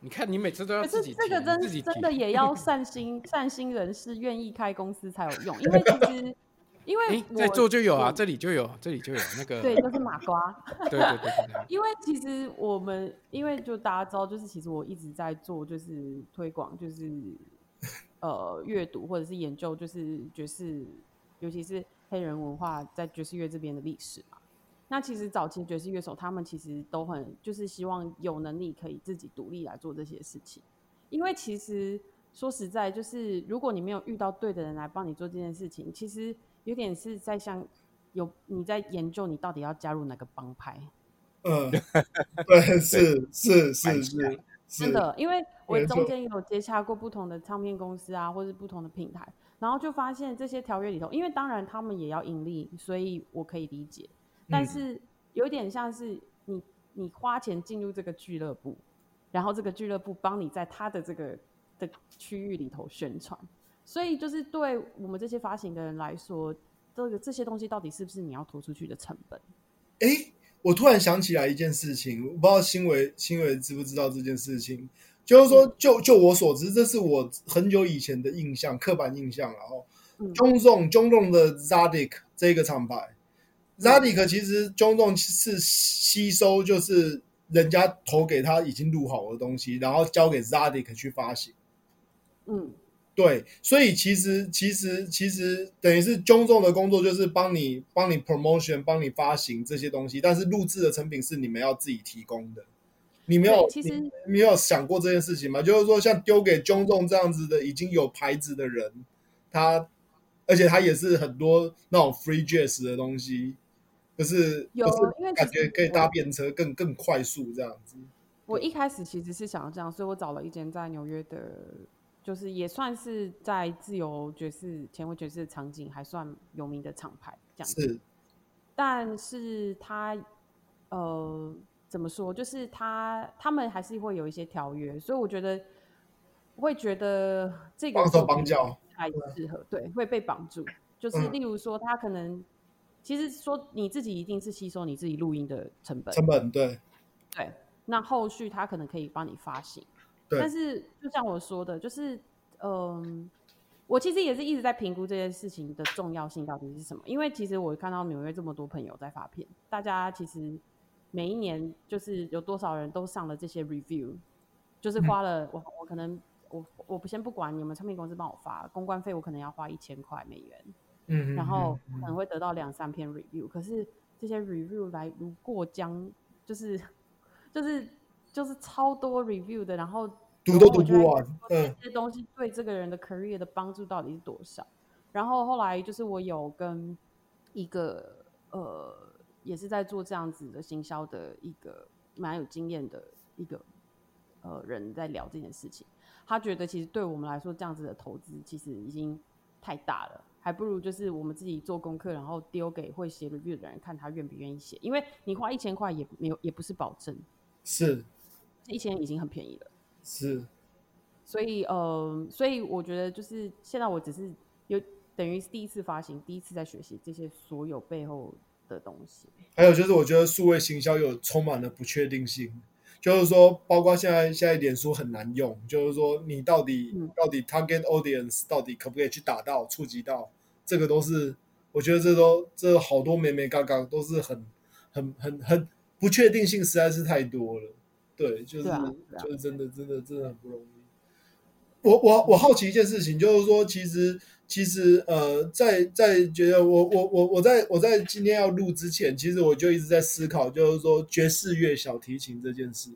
你看，你每次都要自己，可是這個真真的也要善心善心人士願意開公司才有用，因為其實因為在座就有啊，這裡就有，這裡就有那個對，就是馬瓜。對對對，因為其實我們因為就大家知道，就是其實我一直在做，就是推廣，就是。呃，閱讀或者是研究，就是爵士，尤其是黑人文化在爵士樂這邊的歷史嘛。那其實早期爵士樂手他們其實都很，就是希望有能力可以自己獨立來做這些事情。因為其實說實在，就是如果你沒有遇到對的人來幫你做這件事情，其實有點是在像有你在研究，你到底要加入哪個幫派。嗯，是是是學是。是是是的，因為我中間有接洽過不同的唱片公司啊，錯或是不同的平台，然後就發現這些條約裡頭，因為當然他們也要盈利，所以我可以理解。嗯、但是有點像是你你花錢進入這個俱樂部，然後這個俱樂部幫你在他的這個的區域裡頭宣傳，所以就是對我們這些發行的人來說，這個這些東西到底是不是你要投出去的成本？誒、欸。我突然想起來一件事情，我不知道忻薇、忻薇知不知道這件事情，就是說，就就我所知，這是我很久以前的印象、刻板印象然後、嗯、中縱、中縱的 Zadik 這個廠牌，嗯，Zadik 其實中中是吸收，就是人家投給他已經錄好的東西，然後交給 Zadik 去發行。嗯。對，所以其實其實其實等於是中重的工作就是幫你幫你 promotion，幫你發行這些東西，但是錄制的成品是你們要自己提供的。你沒有其實你沒有想過這件事情嗎？就是說，像丟給中重這樣子的已經有牌子的人，他而且他也是很多那種 free jazz 的東西，就是有是感覺可以搭便車更更快速這樣子。我一開始其實是想要這樣，所以我找了一間在紐約的。就是也算是在自由爵士、前衛爵士的場景還算有名的廠牌這樣子，是。但是他呃怎麼說，就是他他們還是會有一些條約，所以我覺得會覺得這個還教不太適合，幫幫對會被綁住。就是例如說，他可能，嗯，其實說你自己一定是吸收你自己錄音的成本，成本對對，那後續他可能可以幫你發行。對但是，就像我說的，就是，嗯、呃，我其實也是一直在評估這件事情的重要性到底是什麼。因為其實我看到紐約這麼多朋友在發片，大家其實每一年就是有多少人都上了這些 review，就是花了、嗯、我我可能我我不先不管你們唱片公司幫我發公關費，我可能要花一千塊美元，嗯哼嗯哼，然後可能會得到兩三篇 review，可是這些 review 來如過江，就是就是。就是超多 review 的，然後讀都讀不完。嗯，這些東西對這個人的 career 的幫助到底是多少？嗯、然後後來就是我有跟一個呃，也是在做這樣子的行銷的一個蠻有經驗的一個呃人在聊這件事情。他覺得其實對我們來說，這樣子的投資其實已經太大了，還不如就是我們自己做功課，然後丟給會寫 review 的人看他願不願意寫。因為你花一千塊也沒有，也不是保證。是。一千已經很便宜了，是，所以呃，所以我覺得就是現在我只是有等於是第一次發行，第一次在學習這些所有背後的東西。還有就是，我覺得數位行銷有充滿了不確定性，就是說，包括現在現在臉書很難用，就是說你到底、嗯、到底 target audience，到底可不可以去打到觸及到，這個都是，我覺得這都這好多眉眉角角都是很很很很不確定性，實在是太多了。對，就是、啊啊、就是真的，真的，真的很不容易。我我我好奇一件事情，就是說其，其實其實呃，在在覺得我我我我在我在今天要錄之前，其實我就一直在思考，就是說爵士樂小提琴這件事。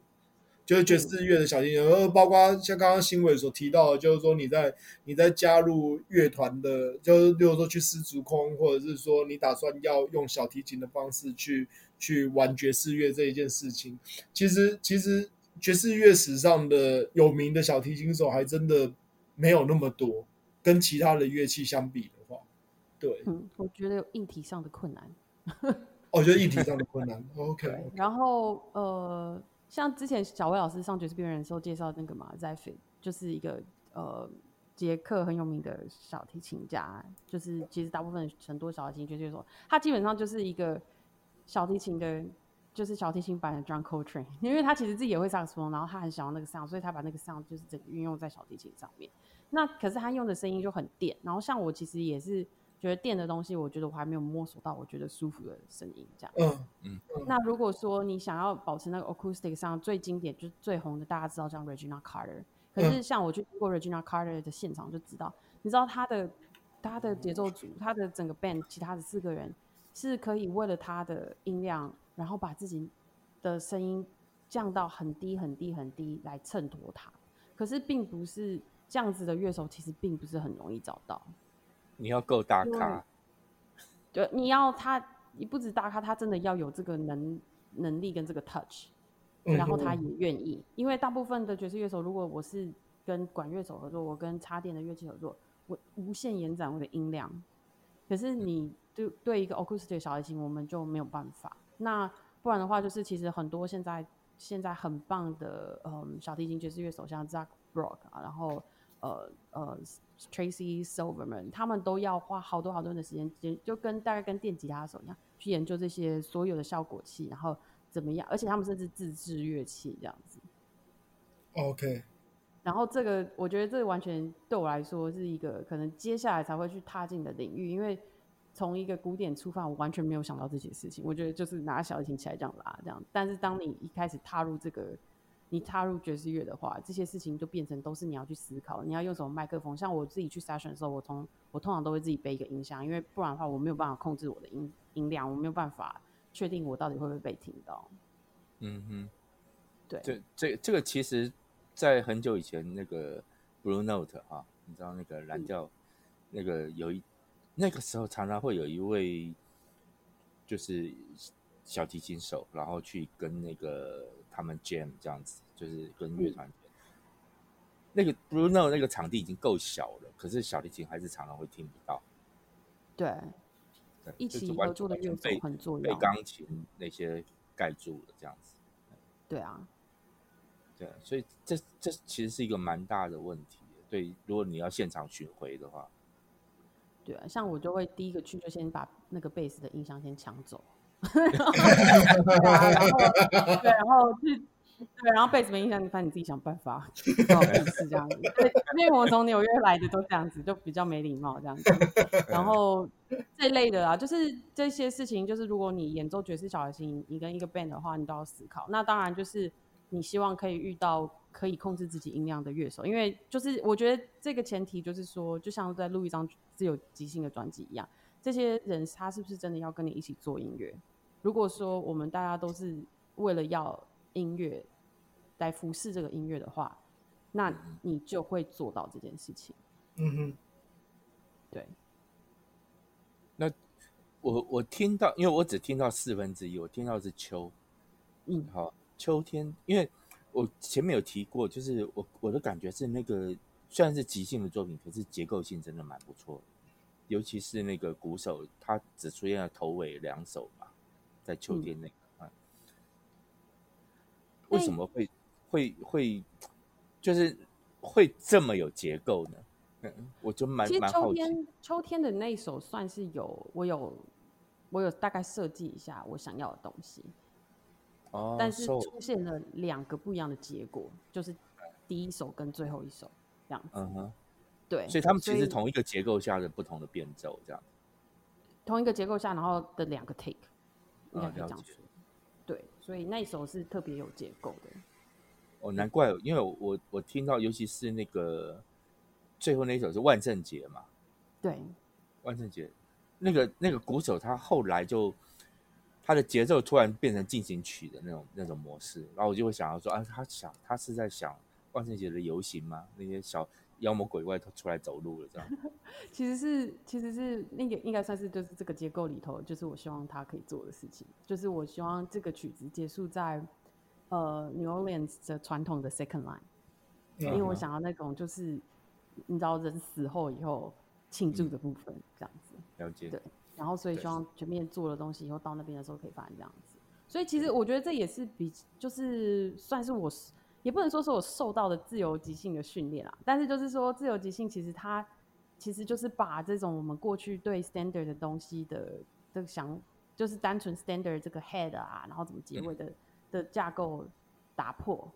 就是爵士樂的小提琴，然後、嗯、包括像剛剛忻薇所提到的，就是說你在你在加入樂團的，就是例如說去絲竹空，或者是說你打算要用小提琴的方式去去玩爵士樂這一件事情，其實其實爵士樂史上的有名的小提琴手還真的沒有那麼多，跟其他的樂器相比的話，對，嗯、我覺得有硬體上的困難，我覺得硬體上的困難 <laughs> ，OK，, okay. 然後呃。像之前小薇老師上爵士病人的時候介紹那個嘛，在非就是一個呃捷克很有名的小提琴家，就是其實大部分很多小提琴家就是說，他基本上就是一個小提琴的，就是小提琴版的 John Coltrane，因為他其實自己也會上 sax，然後他很想要那個 sound，所以他把那個 sound 就是整個運用在小提琴上面。那可是他用的聲音就很電，然後像我其實也是。覺得電的東西，我覺得我還沒有摸索到我覺得舒服的聲音，這樣。嗯嗯。那如果說你想要保持那個 acoustic 上最經典、就最紅的，大家知道這樣 Regina Carter，可是像我去過 Regina Carter 的現場就知道，你知道他的，嗯、他的節奏組，他的整個 band 其他的四個人是可以為了他的音量，然後把自己的聲音降到很低、很低、很低來襯托他。可是並不是這樣子的樂手，其實並不是很容易找到。你要夠大咖，對，你要他，你不止大咖，他真的要有這個能能力跟這個 touch，嗯、哼然後他也願意。因為大部分的爵士樂手，如果我是跟管樂手合作，我跟插電的樂器合作，我無限延展我的音量。可是你對、嗯、對一個 acoustic 小提琴，我們就沒有辦法。那不然的話，就是其實很多現在現在很棒的嗯小提琴爵士樂手，像 Zach Brock 啊，然後呃。呃，Tracy Silverman，他們都要花好多好多的時間，就跟大概跟電吉他手一樣，去研究這些所有的效果器，然後怎麼樣？而且他們甚至自制樂器這樣子。OK。然後這個，我覺得這個完全對我來說是一個可能接下來才會去踏進的領域，因為從一個古典出發，我完全沒有想到這些事情。我覺得就是拿小提琴起，起來這樣拉這樣，但是當你一開始踏入這個。你踏入爵士樂的話，這些事情就變成都是你要去思考，你要用什麼麥克風。像我自己去 session 的時候，我從我通常都會自己背一個音箱，因為不然的話，我沒有辦法控制我的音音量，我沒有辦法確定我到底會不會被聽到。嗯哼，對，這這這個其實，在很久以前，那個 Blue Note 啊，你知道那個藍調，嗯、那個有一那個時候常常會有一位就是小提琴手，然後去跟那個他們 Jam 這樣子。就是跟樂團，嗯、那個 Bruno 那個場地已經夠小了，對可是小提琴還是常常會聽不到。對，對一起合作做的就被很被鋼琴那些蓋住了，這樣子。對，對啊，對，所以這這其實是一個蠻大的問題。對，如果你要現場巡迴的話，對啊，像我就會第一個去，就先把那個貝斯的音箱先搶走、 <laughs> <laughs> 啊，然後 <laughs> 對，然後對，然後被什麼影響，你看你自己想辦法，不好意思這樣子。對，因為我從紐約來的都這樣子，就比較沒禮貌這樣子。然後這一類的啊，就是這些事情，就是如果你演奏爵士小提琴，你跟一個 band 的話，你都要思考。那當然就是你希望可以遇到可以控制自己音量的樂手，因為就是我覺得這個前提就是說，就像在錄一張自由即興的專輯一樣，這些人他是不是真的要跟你一起做音樂？如果說我們大家都是為了要音樂。來服侍這個音樂的話，那你就會做到這件事情。嗯哼，對。那我我聽到，因為我只聽到四分之一，我聽到的是秋。嗯，好，秋天。因為我前面有提過，就是我我的感覺是，那個雖然是即興的作品，可是結構性真的蠻不錯的。尤其是那個鼓手，他只出現了頭尾兩首嘛，在秋天那、嗯啊、為什麼會？會會就是會這麼有結構呢？嗯，我就蠻蠻好奇。秋天的那一首算是有我有我有大概設計一下我想要的東西，哦，但是出現了兩個不一樣的結果，哦、就是第一首跟最後一首這樣子。嗯哼，對，所以他們其實同一個結構下的不同的變奏，這樣，同一個結構下，然後的兩個 take、哦、應該可以這樣說。了解。對，所以那一首是特別有結構的。哦，難怪，因為我我聽到，尤其是那個最後那首是萬聖節嘛，對，萬聖節，那個那個鼓手他後來就他的節奏突然變成進行曲的那種那種模式，然後我就會想到說，啊，他想他是在想萬聖節的遊行嗎？那些小妖魔鬼怪都出來走路了這樣 <laughs> ？其實是其實是那個應該算是就是這個結構裡頭，就是我希望他可以做的事情，就是我希望這個曲子結束在。呃，New Orleans 的傳統的 Second Line，嗯、因為我想要那種就是你知道人死後以後慶祝的部分這樣子。嗯、了解。對，然後所以希望全面做了東西以後到那邊的時候可以發展這樣子。所以其實我覺得這也是比就是算是我，嗯、也不能說是我受到的自由即興的訓練啊，但是就是說自由即興其實它其實就是把這種我們過去對 Standard 的東西的這個想就是單純 Standard 這個 Head 啊，然後怎麼結尾的。嗯的架構打破，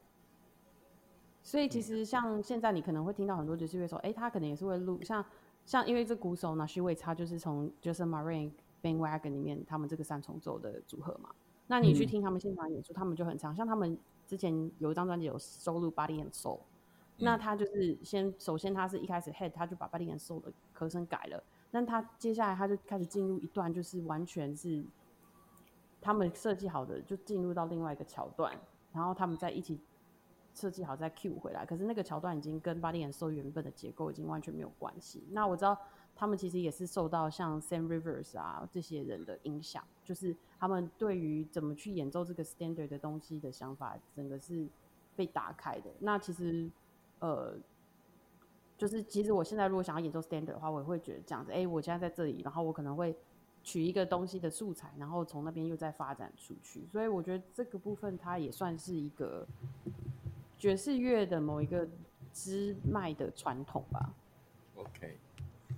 所以其實像現在你可能會聽到很多爵士樂手，哎、欸，他可能也是會錄像像，因為這鼓手拿希威，他 <music> 就是從 Jason Moran Bandwagon 裡面他們這個三重奏的組合嘛。那你去聽他們現場演出，嗯、他們就很長。像他們之前有一張專輯有收錄《Body and Soul、嗯》，那他就是先首先他是一開始 head，他就把《Body and Soul》的歌聲改了，但他接下來他就開始進入一段就是完全是。他們設計好的就進入到另外一個橋段，然後他們再一起設計好再 cue 回來，可是那個橋段已經跟 Body and Soul 原本的結構已經完全沒有關係。那我知道他們其實也是受到像 Sam Rivers 啊這些人的影響，就是他們對於怎麼去演奏這個 standard 的東西的想法，整個是被打開的。那其實呃，就是其實我現在如果想要演奏 standard 的話，我也會覺得這樣子。哎，我現在在這裡，然後我可能會。取一個東西的素材，然後從那邊又再發展出去，所以我覺得這個部分它也算是一個爵士樂的某一個支脈的傳統吧。OK，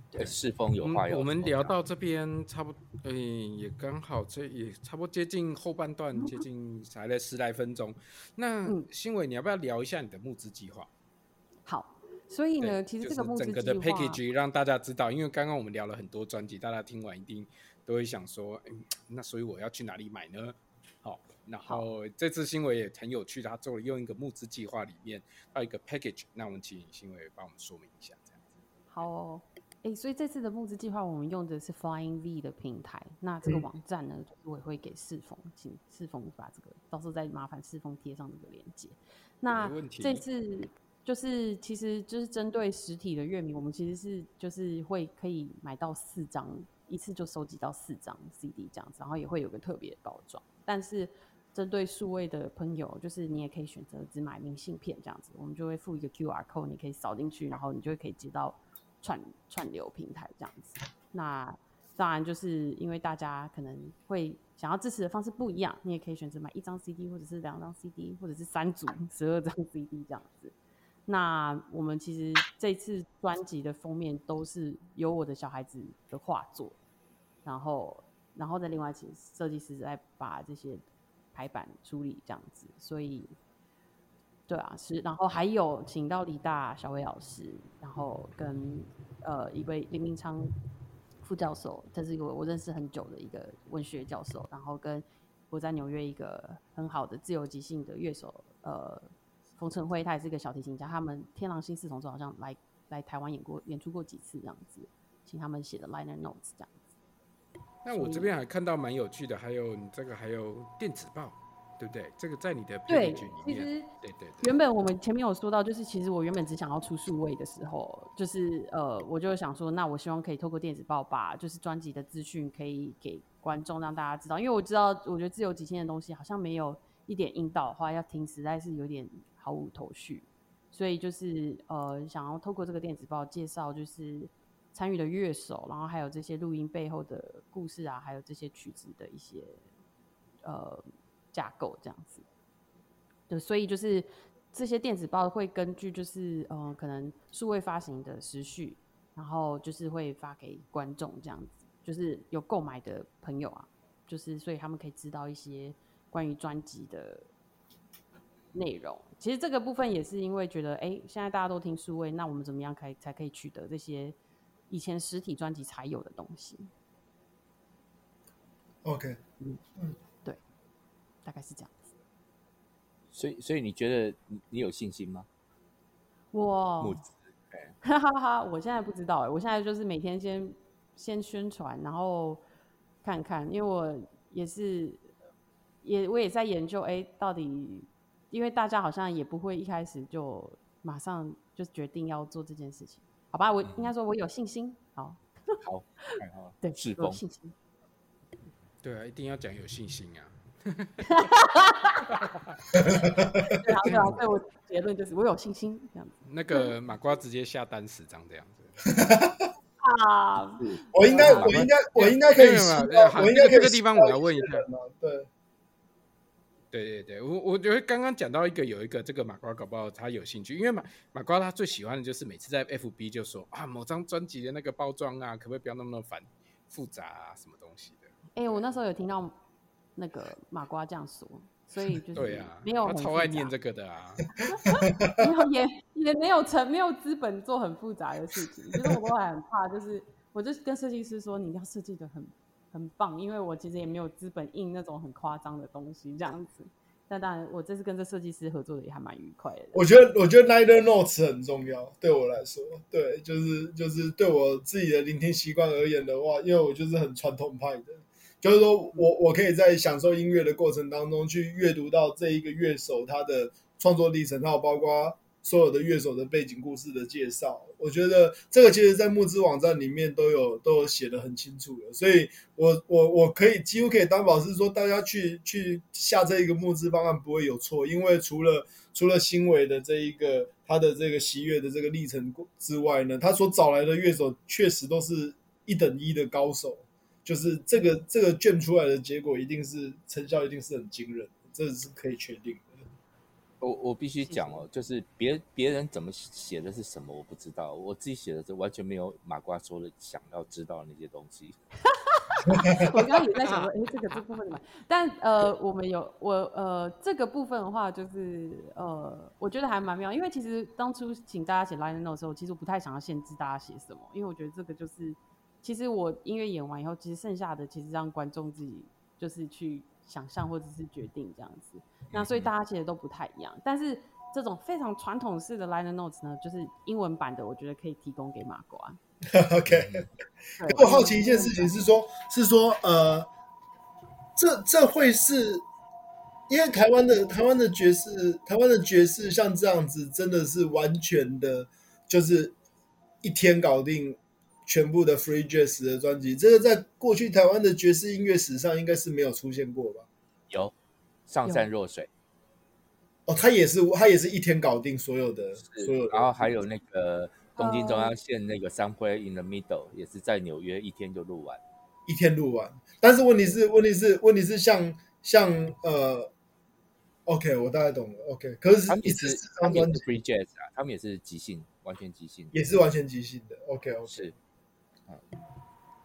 對，世峰、嗯、對有話要、嗯嗯。我們聊到這邊，差不，嗯、欸，也剛好，這也差不多接近後半段，嗯、接近才來十來分鐘。那忻薇、嗯，你要不要聊一下你的募資計劃？好，所以呢，對其實這個整個的 package 讓大家知道，因為剛剛我們聊了很多專輯，大家聽完一定。所以想說、欸，那所以我要去哪裡買呢？好，然後這次忻薇也很有趣，他做了用一個募資計劃裡面到一個 package。那我們請忻薇幫我們說明一下，這樣子。好、哦，哎、欸，所以這次的募資計劃我們用的是 Flying V 的平台。那這個網站呢，我也、嗯、會給世峰，請世峰把這個到時候再麻煩世峰貼上這個鏈接。那這次就是其實就是針對實體的樂迷，我們其實是就是會可以買到四張。一次就收集到四張 CD 這樣子，然後也會有個特別包裝。但是針對數位的朋友，就是你也可以選擇只買明信片這樣子，我們就會附一個 QR code，你可以掃進去，然後你就可以接到串串流平台這樣子。那當然就是因為大家可能會想要支持的方式不一樣，你也可以選擇買一張 CD，或者是兩張 CD，或者是三組十二張 CD 這樣子。那我們其實這次專輯的封面都是由我的小孩子的畫作。然後，然後再另外請設計師來把這些排版處理這樣子，所以，對啊，是。然後還有請到李大小偉老師，然後跟呃一位林明昌副教授，這是一個我認識很久的一個文學教授，然後跟我在紐約一個很好的自由即興的樂手，呃，馮晨輝，他也是個小提琴家，他們《天狼星四重奏》好像來來台灣演過演出過幾次這樣子，請他們寫的 liner notes 這樣。那我這邊還看到蠻有趣的，還有你這個還有電子報，對不對？這個在你的評論區裡面。對，對對對。原本我們前面有說到，就是其實我原本只想要出數位的時候，就是呃，我就想說，那我希望可以透過電子報把就是專輯的資訊可以給觀眾讓大家知道，因為我知道我覺得自由即興的東西好像沒有一點引導的話，要聽實在是有點毫無頭緒，所以就是呃，想要透過這個電子報介紹就是。參與的樂手，然後還有這些錄音背後的故事啊，還有這些曲子的一些呃架構，這樣子。對，所以就是這些電子報會根據就是嗯、呃、可能數位發行的時序，然後就是會發給觀眾這樣子，就是有購買的朋友啊，就是所以他們可以知道一些關於專輯的內容。其實這個部分也是因為覺得，哎、欸，現在大家都聽數位，那我們怎麼樣可以才可以取得這些？以前實體專輯才有的東西。OK，嗯嗯，對，大概是這樣。所以，所以你覺得你你有信心嗎？我，哈哈哈！ <laughs> 我現在不知道哎、欸，我現在就是每天先先宣傳，然後看看，因為我也是，也我也在研究哎、欸，到底，因為大家好像也不會一開始就馬上就決定要做這件事情。好吧，我應該說，我有信心。好，好，對，有有信心。對啊，一定要講有信心啊！哈哈哈哈哈，對啊對啊對，我結論就是我有信心這樣子。那個馬瓜直接下單十張這樣子。啊！我應該，我應該，我應該可以。我應該可以。這個地方我要問一下，對。對對對，我我覺得剛剛講到一個有一個這個馬瓜搞不好他有興趣，因為馬馬瓜他最喜歡的就是每次在 FB 就說啊某張專輯的那個包裝啊，可不可以不要那麼繁複雜啊，什麼東西的？哎、欸，我那時候有聽到那個馬瓜這樣說，所以就是對啊，沒有我超愛念這個的啊， <laughs> 也也沒有成沒有資本做很複雜的事情，所以我都還我很怕，就是我就跟設計師說你要設計的很。很棒，因為我其實也沒有資本印那種很誇張的東西，這樣子。那當然，我這次跟這設計師合作的也還蠻愉快的。我覺得，我覺得 liner notes 很重要，對我來說，對，就是就是對我自己的聆聽習慣而言的話，因為我就是很傳統派的，就是說我我可以在享受音樂的過程當中去閱讀到這一個樂手他的創作歷程，還有包括。所有的樂手的背景故事的介紹，我覺得這個其實，在募資網站裡面都有都有寫得很清楚的，所以我我我可以幾乎可以擔保是說，大家去去下這一個募資方案不會有錯，因為除了除了忻薇的這一個他的這個喜悅的這個歷程之外呢，他所找來的樂手確實都是一等一的高手，就是這個這個捲出來的結果一定是成效一定是很驚人，這是可以確定。我我必須講哦，就是別別人怎麼寫的是什麼我不知道，我自己寫的是完全沒有馬瓜說的想要知道那些東西。我剛剛也在想說，哎，這個這部分嘛，但呃，我們有我呃這個部分的話，就是呃，我覺得還蠻妙，因為其實當初請大家寫 liner note 的時候，其實我不太想要限制大家寫什麼，因為我覺得這個就是，其實我音樂演完以後，其實剩下的其實讓觀眾自己就是去。想象或者是決定這樣子，那所以大家其實都不太一樣。但是這種非常傳統式的 liner notes 呢，就是英文版的，我覺得可以提供給馬哥啊。OK，對我好奇一件事情是說，是說呃，這這會是因為台灣的台灣的爵士，台灣的爵士像這樣子，真的是完全的就是一天搞定。全部的 Free Jazz 的專輯，這個在過去台灣的爵士音樂史上應該是沒有出現過吧？有，上山《上善若水》哦，他也是，他也是一天搞定所有的，是所有然後還有那個東京中央線那個《Somewhere in the Middle》，uh, 也是在紐約一天就錄完，一天錄完。但是問題是，問題是，問題是像，像像呃，OK，我大概懂了。OK，可是他們是一直他們是 Free Jazz 啊，他們也是即興，完全即興，也是完全即興的。OK，O、OK, OK、是。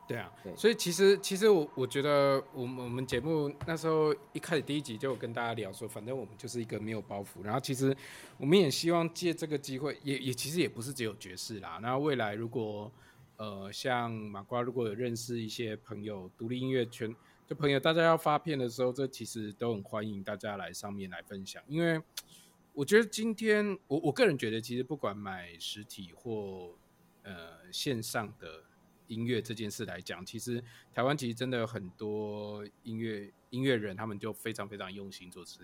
對啊，對，所以其實其實我我覺得我們，我我們節目那時候一開始第一集就跟大家聊說，反正我們就是一個沒有包袱。然後其實我們也希望借這個機會也，也也其實也不是只有爵士啦。然後未來如果呃像馬瓜如果有認識一些朋友，獨立音樂圈就朋友，大家要發片的時候，這其實都很歡迎大家來上面來分享。因為我覺得今天我我個人覺得，其實不管買實體或呃線上的。音樂這件事來講，其實台灣其實真的有很多音樂音樂人，他們就非常非常用心做事，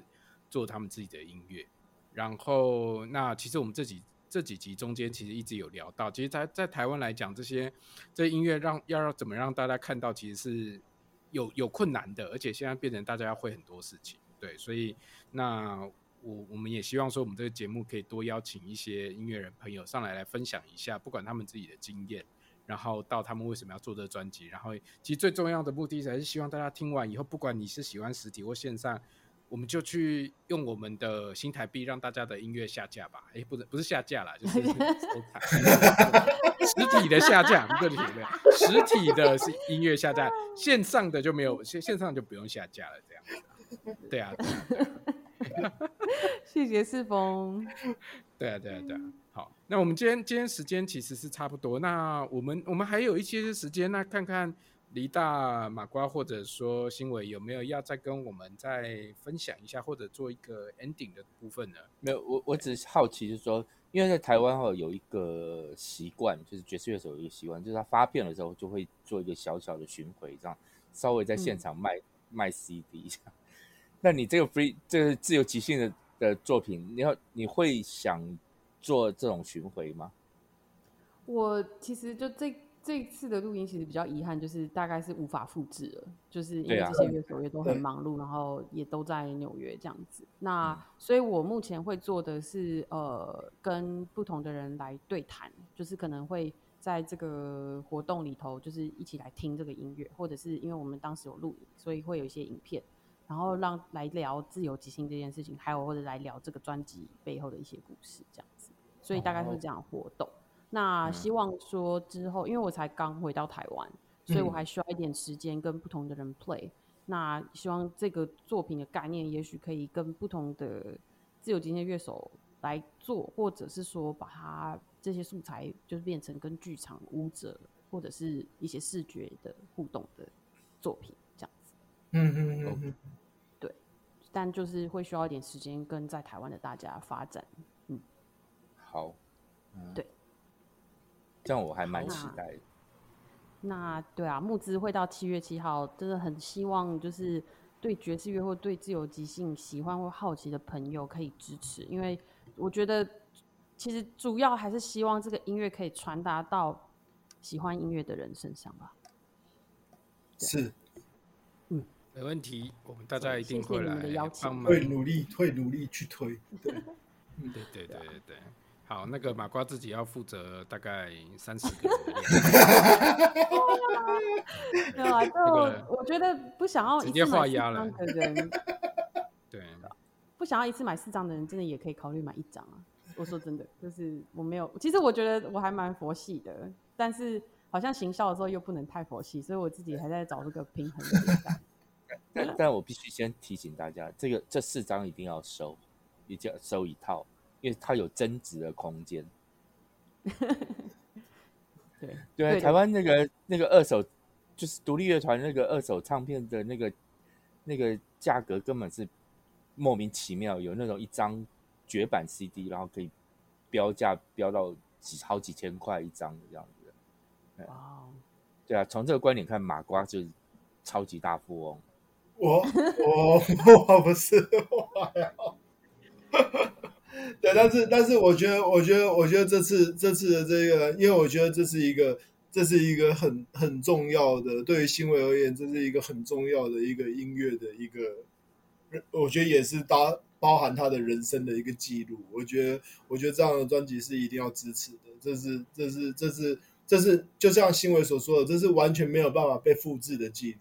做他們自己的音樂。然後，那其實我們這幾這幾集中間，其實一直有聊到，其實在在台灣來講，這些這音樂讓要讓怎麼讓大家看到，其實是有有困難的，而且現在變成大家要會很多事情。對，所以那我我們也希望說，我們這個節目可以多邀請一些音樂人朋友上來來分享一下，不管他們自己的經驗。然後到他們為什麼要做這個專輯？然後其實最重要的目的還是希望大家聽完以後，不管你是喜歡實體或線上，我們就去用我們的新台幣讓大家的音樂下架吧。哎，不是不是下架啦，就是 <laughs> 實體的下架 <laughs> 對對，實體的是音樂下架，線上的就沒有，線上的就不用下架了，這樣對啊。謝謝世峰，對啊，對啊，對啊。好，那我們今天今天時間其實是差不多。那我們我們還有一些時間，那看看黎大馬瓜或者說忻薇有沒有要再跟我們再分享一下，或者做一個 ending 的部分呢？沒有，我我只是好奇，就是說，對因為在台灣哦，有一個習慣，就是爵士樂手有一個習慣，就是他發片的時候就會做一個小小的巡迴，這樣稍微在現場賣、嗯、賣 CD 一下。那你這個 free 這個自由即興的的作品，你要你會想？做這種巡迴嗎？我其實就這這一次的錄音，其實比較遺憾，就是大概是無法複製了。就是因為這些樂手也都很忙碌，啊、然後也都在紐約這樣子。對那所以我目前會做的是，呃，跟不同的人來對談，就是可能會在這個活動裡頭，就是一起來聽這個音樂，或者是因為我們當時有錄影，所以會有一些影片，然後讓來聊自由即興這件事情，還有或者來聊這個專輯背後的一些故事這樣。所以大概是這樣活動，那希望說之後，因為我才剛回到台灣，所以我還需要一點時間跟不同的人 play，嗯。那希望這個作品的概念，也許可以跟不同的自由即興樂手來做，或者是說把它這些素材，就是變成跟劇場舞者或者是一些視覺的互動的作品這樣子。嗯嗯嗯嗯，okay. 對，但就是會需要一點時間跟在台灣的大家的發展。好，嗯、對，這樣我還蠻期待那。那對啊，募資會到七月七號，真的很希望就是對爵士樂或對自由即興喜歡或好奇的朋友可以支持，因為我覺得其實主要還是希望這個音樂可以傳達到喜歡音樂的人身上吧。是，嗯，沒問題，我們大家一定會來，會努力，會努力去推，對， <laughs> 對對對對。好，那個馬瓜自己要負責大概三十個左右，那個。沒有啊，這個我覺得不想要直接畫押了。對，不想要一次買四張的人，真的也可以考慮買一張啊。我說真的，就是我沒有，其實我覺得我還蠻佛系的，但是好像行銷的時候又不能太佛系，所以我自己還在找這個平衡的、 <laughs> 嗯但。但我必須先提醒大家，這個這四張一定要收，一定要收一套。因為它有增值的空間。 <laughs> 對，對，對台灣那個對那個二手就是獨立樂團那個二手唱片的那個那個價格根本是莫名其妙，有那種一張絕版 CD，然後可以標價標到幾好幾千塊一張的樣子的。對，哦、對啊，從這個觀點看，馬瓜就是超級大富翁、哦。我我我不是我呀。 <laughs> 對，但是但是，我覺得，我覺得，我覺得這次這次的這個，因為我覺得這是一個，這是一個很很重要的，對於忻薇而言，這是一個很重要的一個音樂的一個，我覺得也是包包含他的人生的一個記錄。我覺得，我覺得這樣的專輯是一定要支持的。這是，這是，這是，這是，就像忻薇所說的，這是完全沒有辦法被複製的記錄。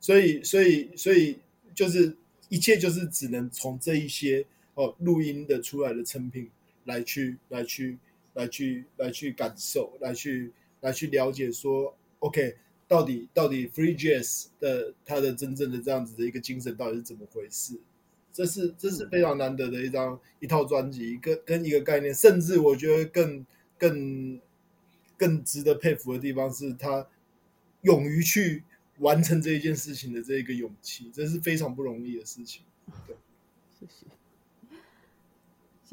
所以，所以，所以，就是一切就是只能從這一些。哦，錄音的出來的成品，來去來去來去來去感受，來去來去了解說，OK，到底到底 Free Jazz 的他的真正的這樣子的一個精神到底是怎麼回事？這是這是非常難得的一張一套專輯，跟跟一個概念，甚至我覺得更更更值得佩服的地方是，他勇於去完成這一件事情的這個勇氣，這是非常不容易的事情。對，謝謝。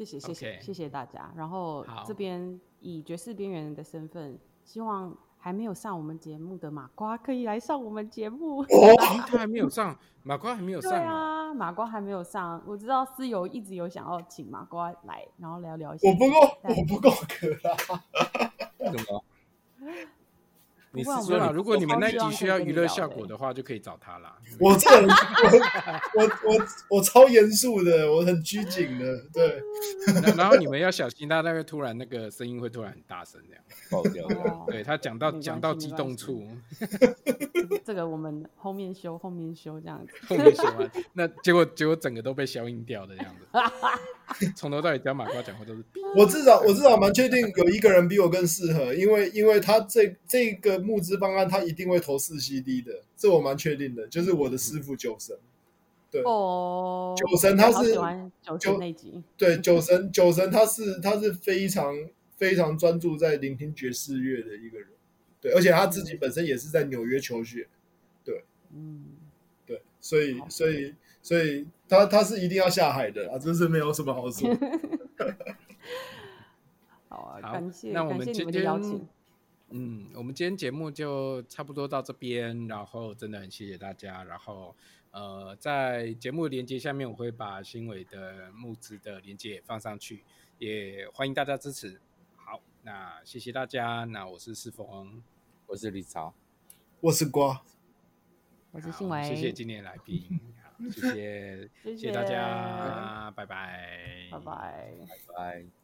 謝謝謝 Okay. 謝謝大家。然後好這邊以爵士邊緣人的身份，希望還沒有上我們節目的馬瓜可以來上我們節目。Oh! 哈哈他還沒有上，馬瓜還沒有上啊！對啊，馬瓜還沒有上，我知道私友一直有想要請馬瓜來，然後聊聊一下。我不夠，但我不夠格啊！ <laughs> <laughs> 什麼？你是說、啊，如果你們那一集需要娛樂效果的話，就可以找他啦。我這人，我 <laughs> 我我，我，我超嚴肅的，我很拘謹的，對。 <laughs> 然後你們要小心，他那個突然那個聲音會突然很大聲這樣，爆掉料。對，他講到講到激動處， <laughs> 這個我們後面修，後面修這樣子。後面修完、啊，那結果結果整個都被消音掉的這樣子。 <laughs> 從 <laughs> 頭到尾講馬哥講話都、就是 <laughs> 我，我至少我至少蠻確定有一個人比我更適合，因為因為他這這個募資方案他一定會投四 C D 的，這我蠻確定的，就是我的師父酒神，九神九，對，哦，酒 <laughs> 神他是酒神那集，對，酒神酒神他是他是非常非常專注在聆聽爵士樂的一個人，對，而且他自己本身也是在紐約求學，對，嗯，對，所以所以。Okay. 所以他他是一定要下海的啊，真是沒有什麼好處 <laughs> 好、啊、好，感謝，那我們，今天你們的邀請。嗯，我們今天節目就差不多到這邊，然後真的很謝謝大家。然後呃，在節目鏈接下面，我會把忻薇的募資的鏈接也放上去，也歡迎大家支持。好，那謝謝大家。那我是四鳳，我是李超，我是瓜，我是忻薇。謝謝今天的來賓。 <laughs> 謝謝， <laughs> 謝謝大家，謝謝。拜拜，拜拜，拜拜。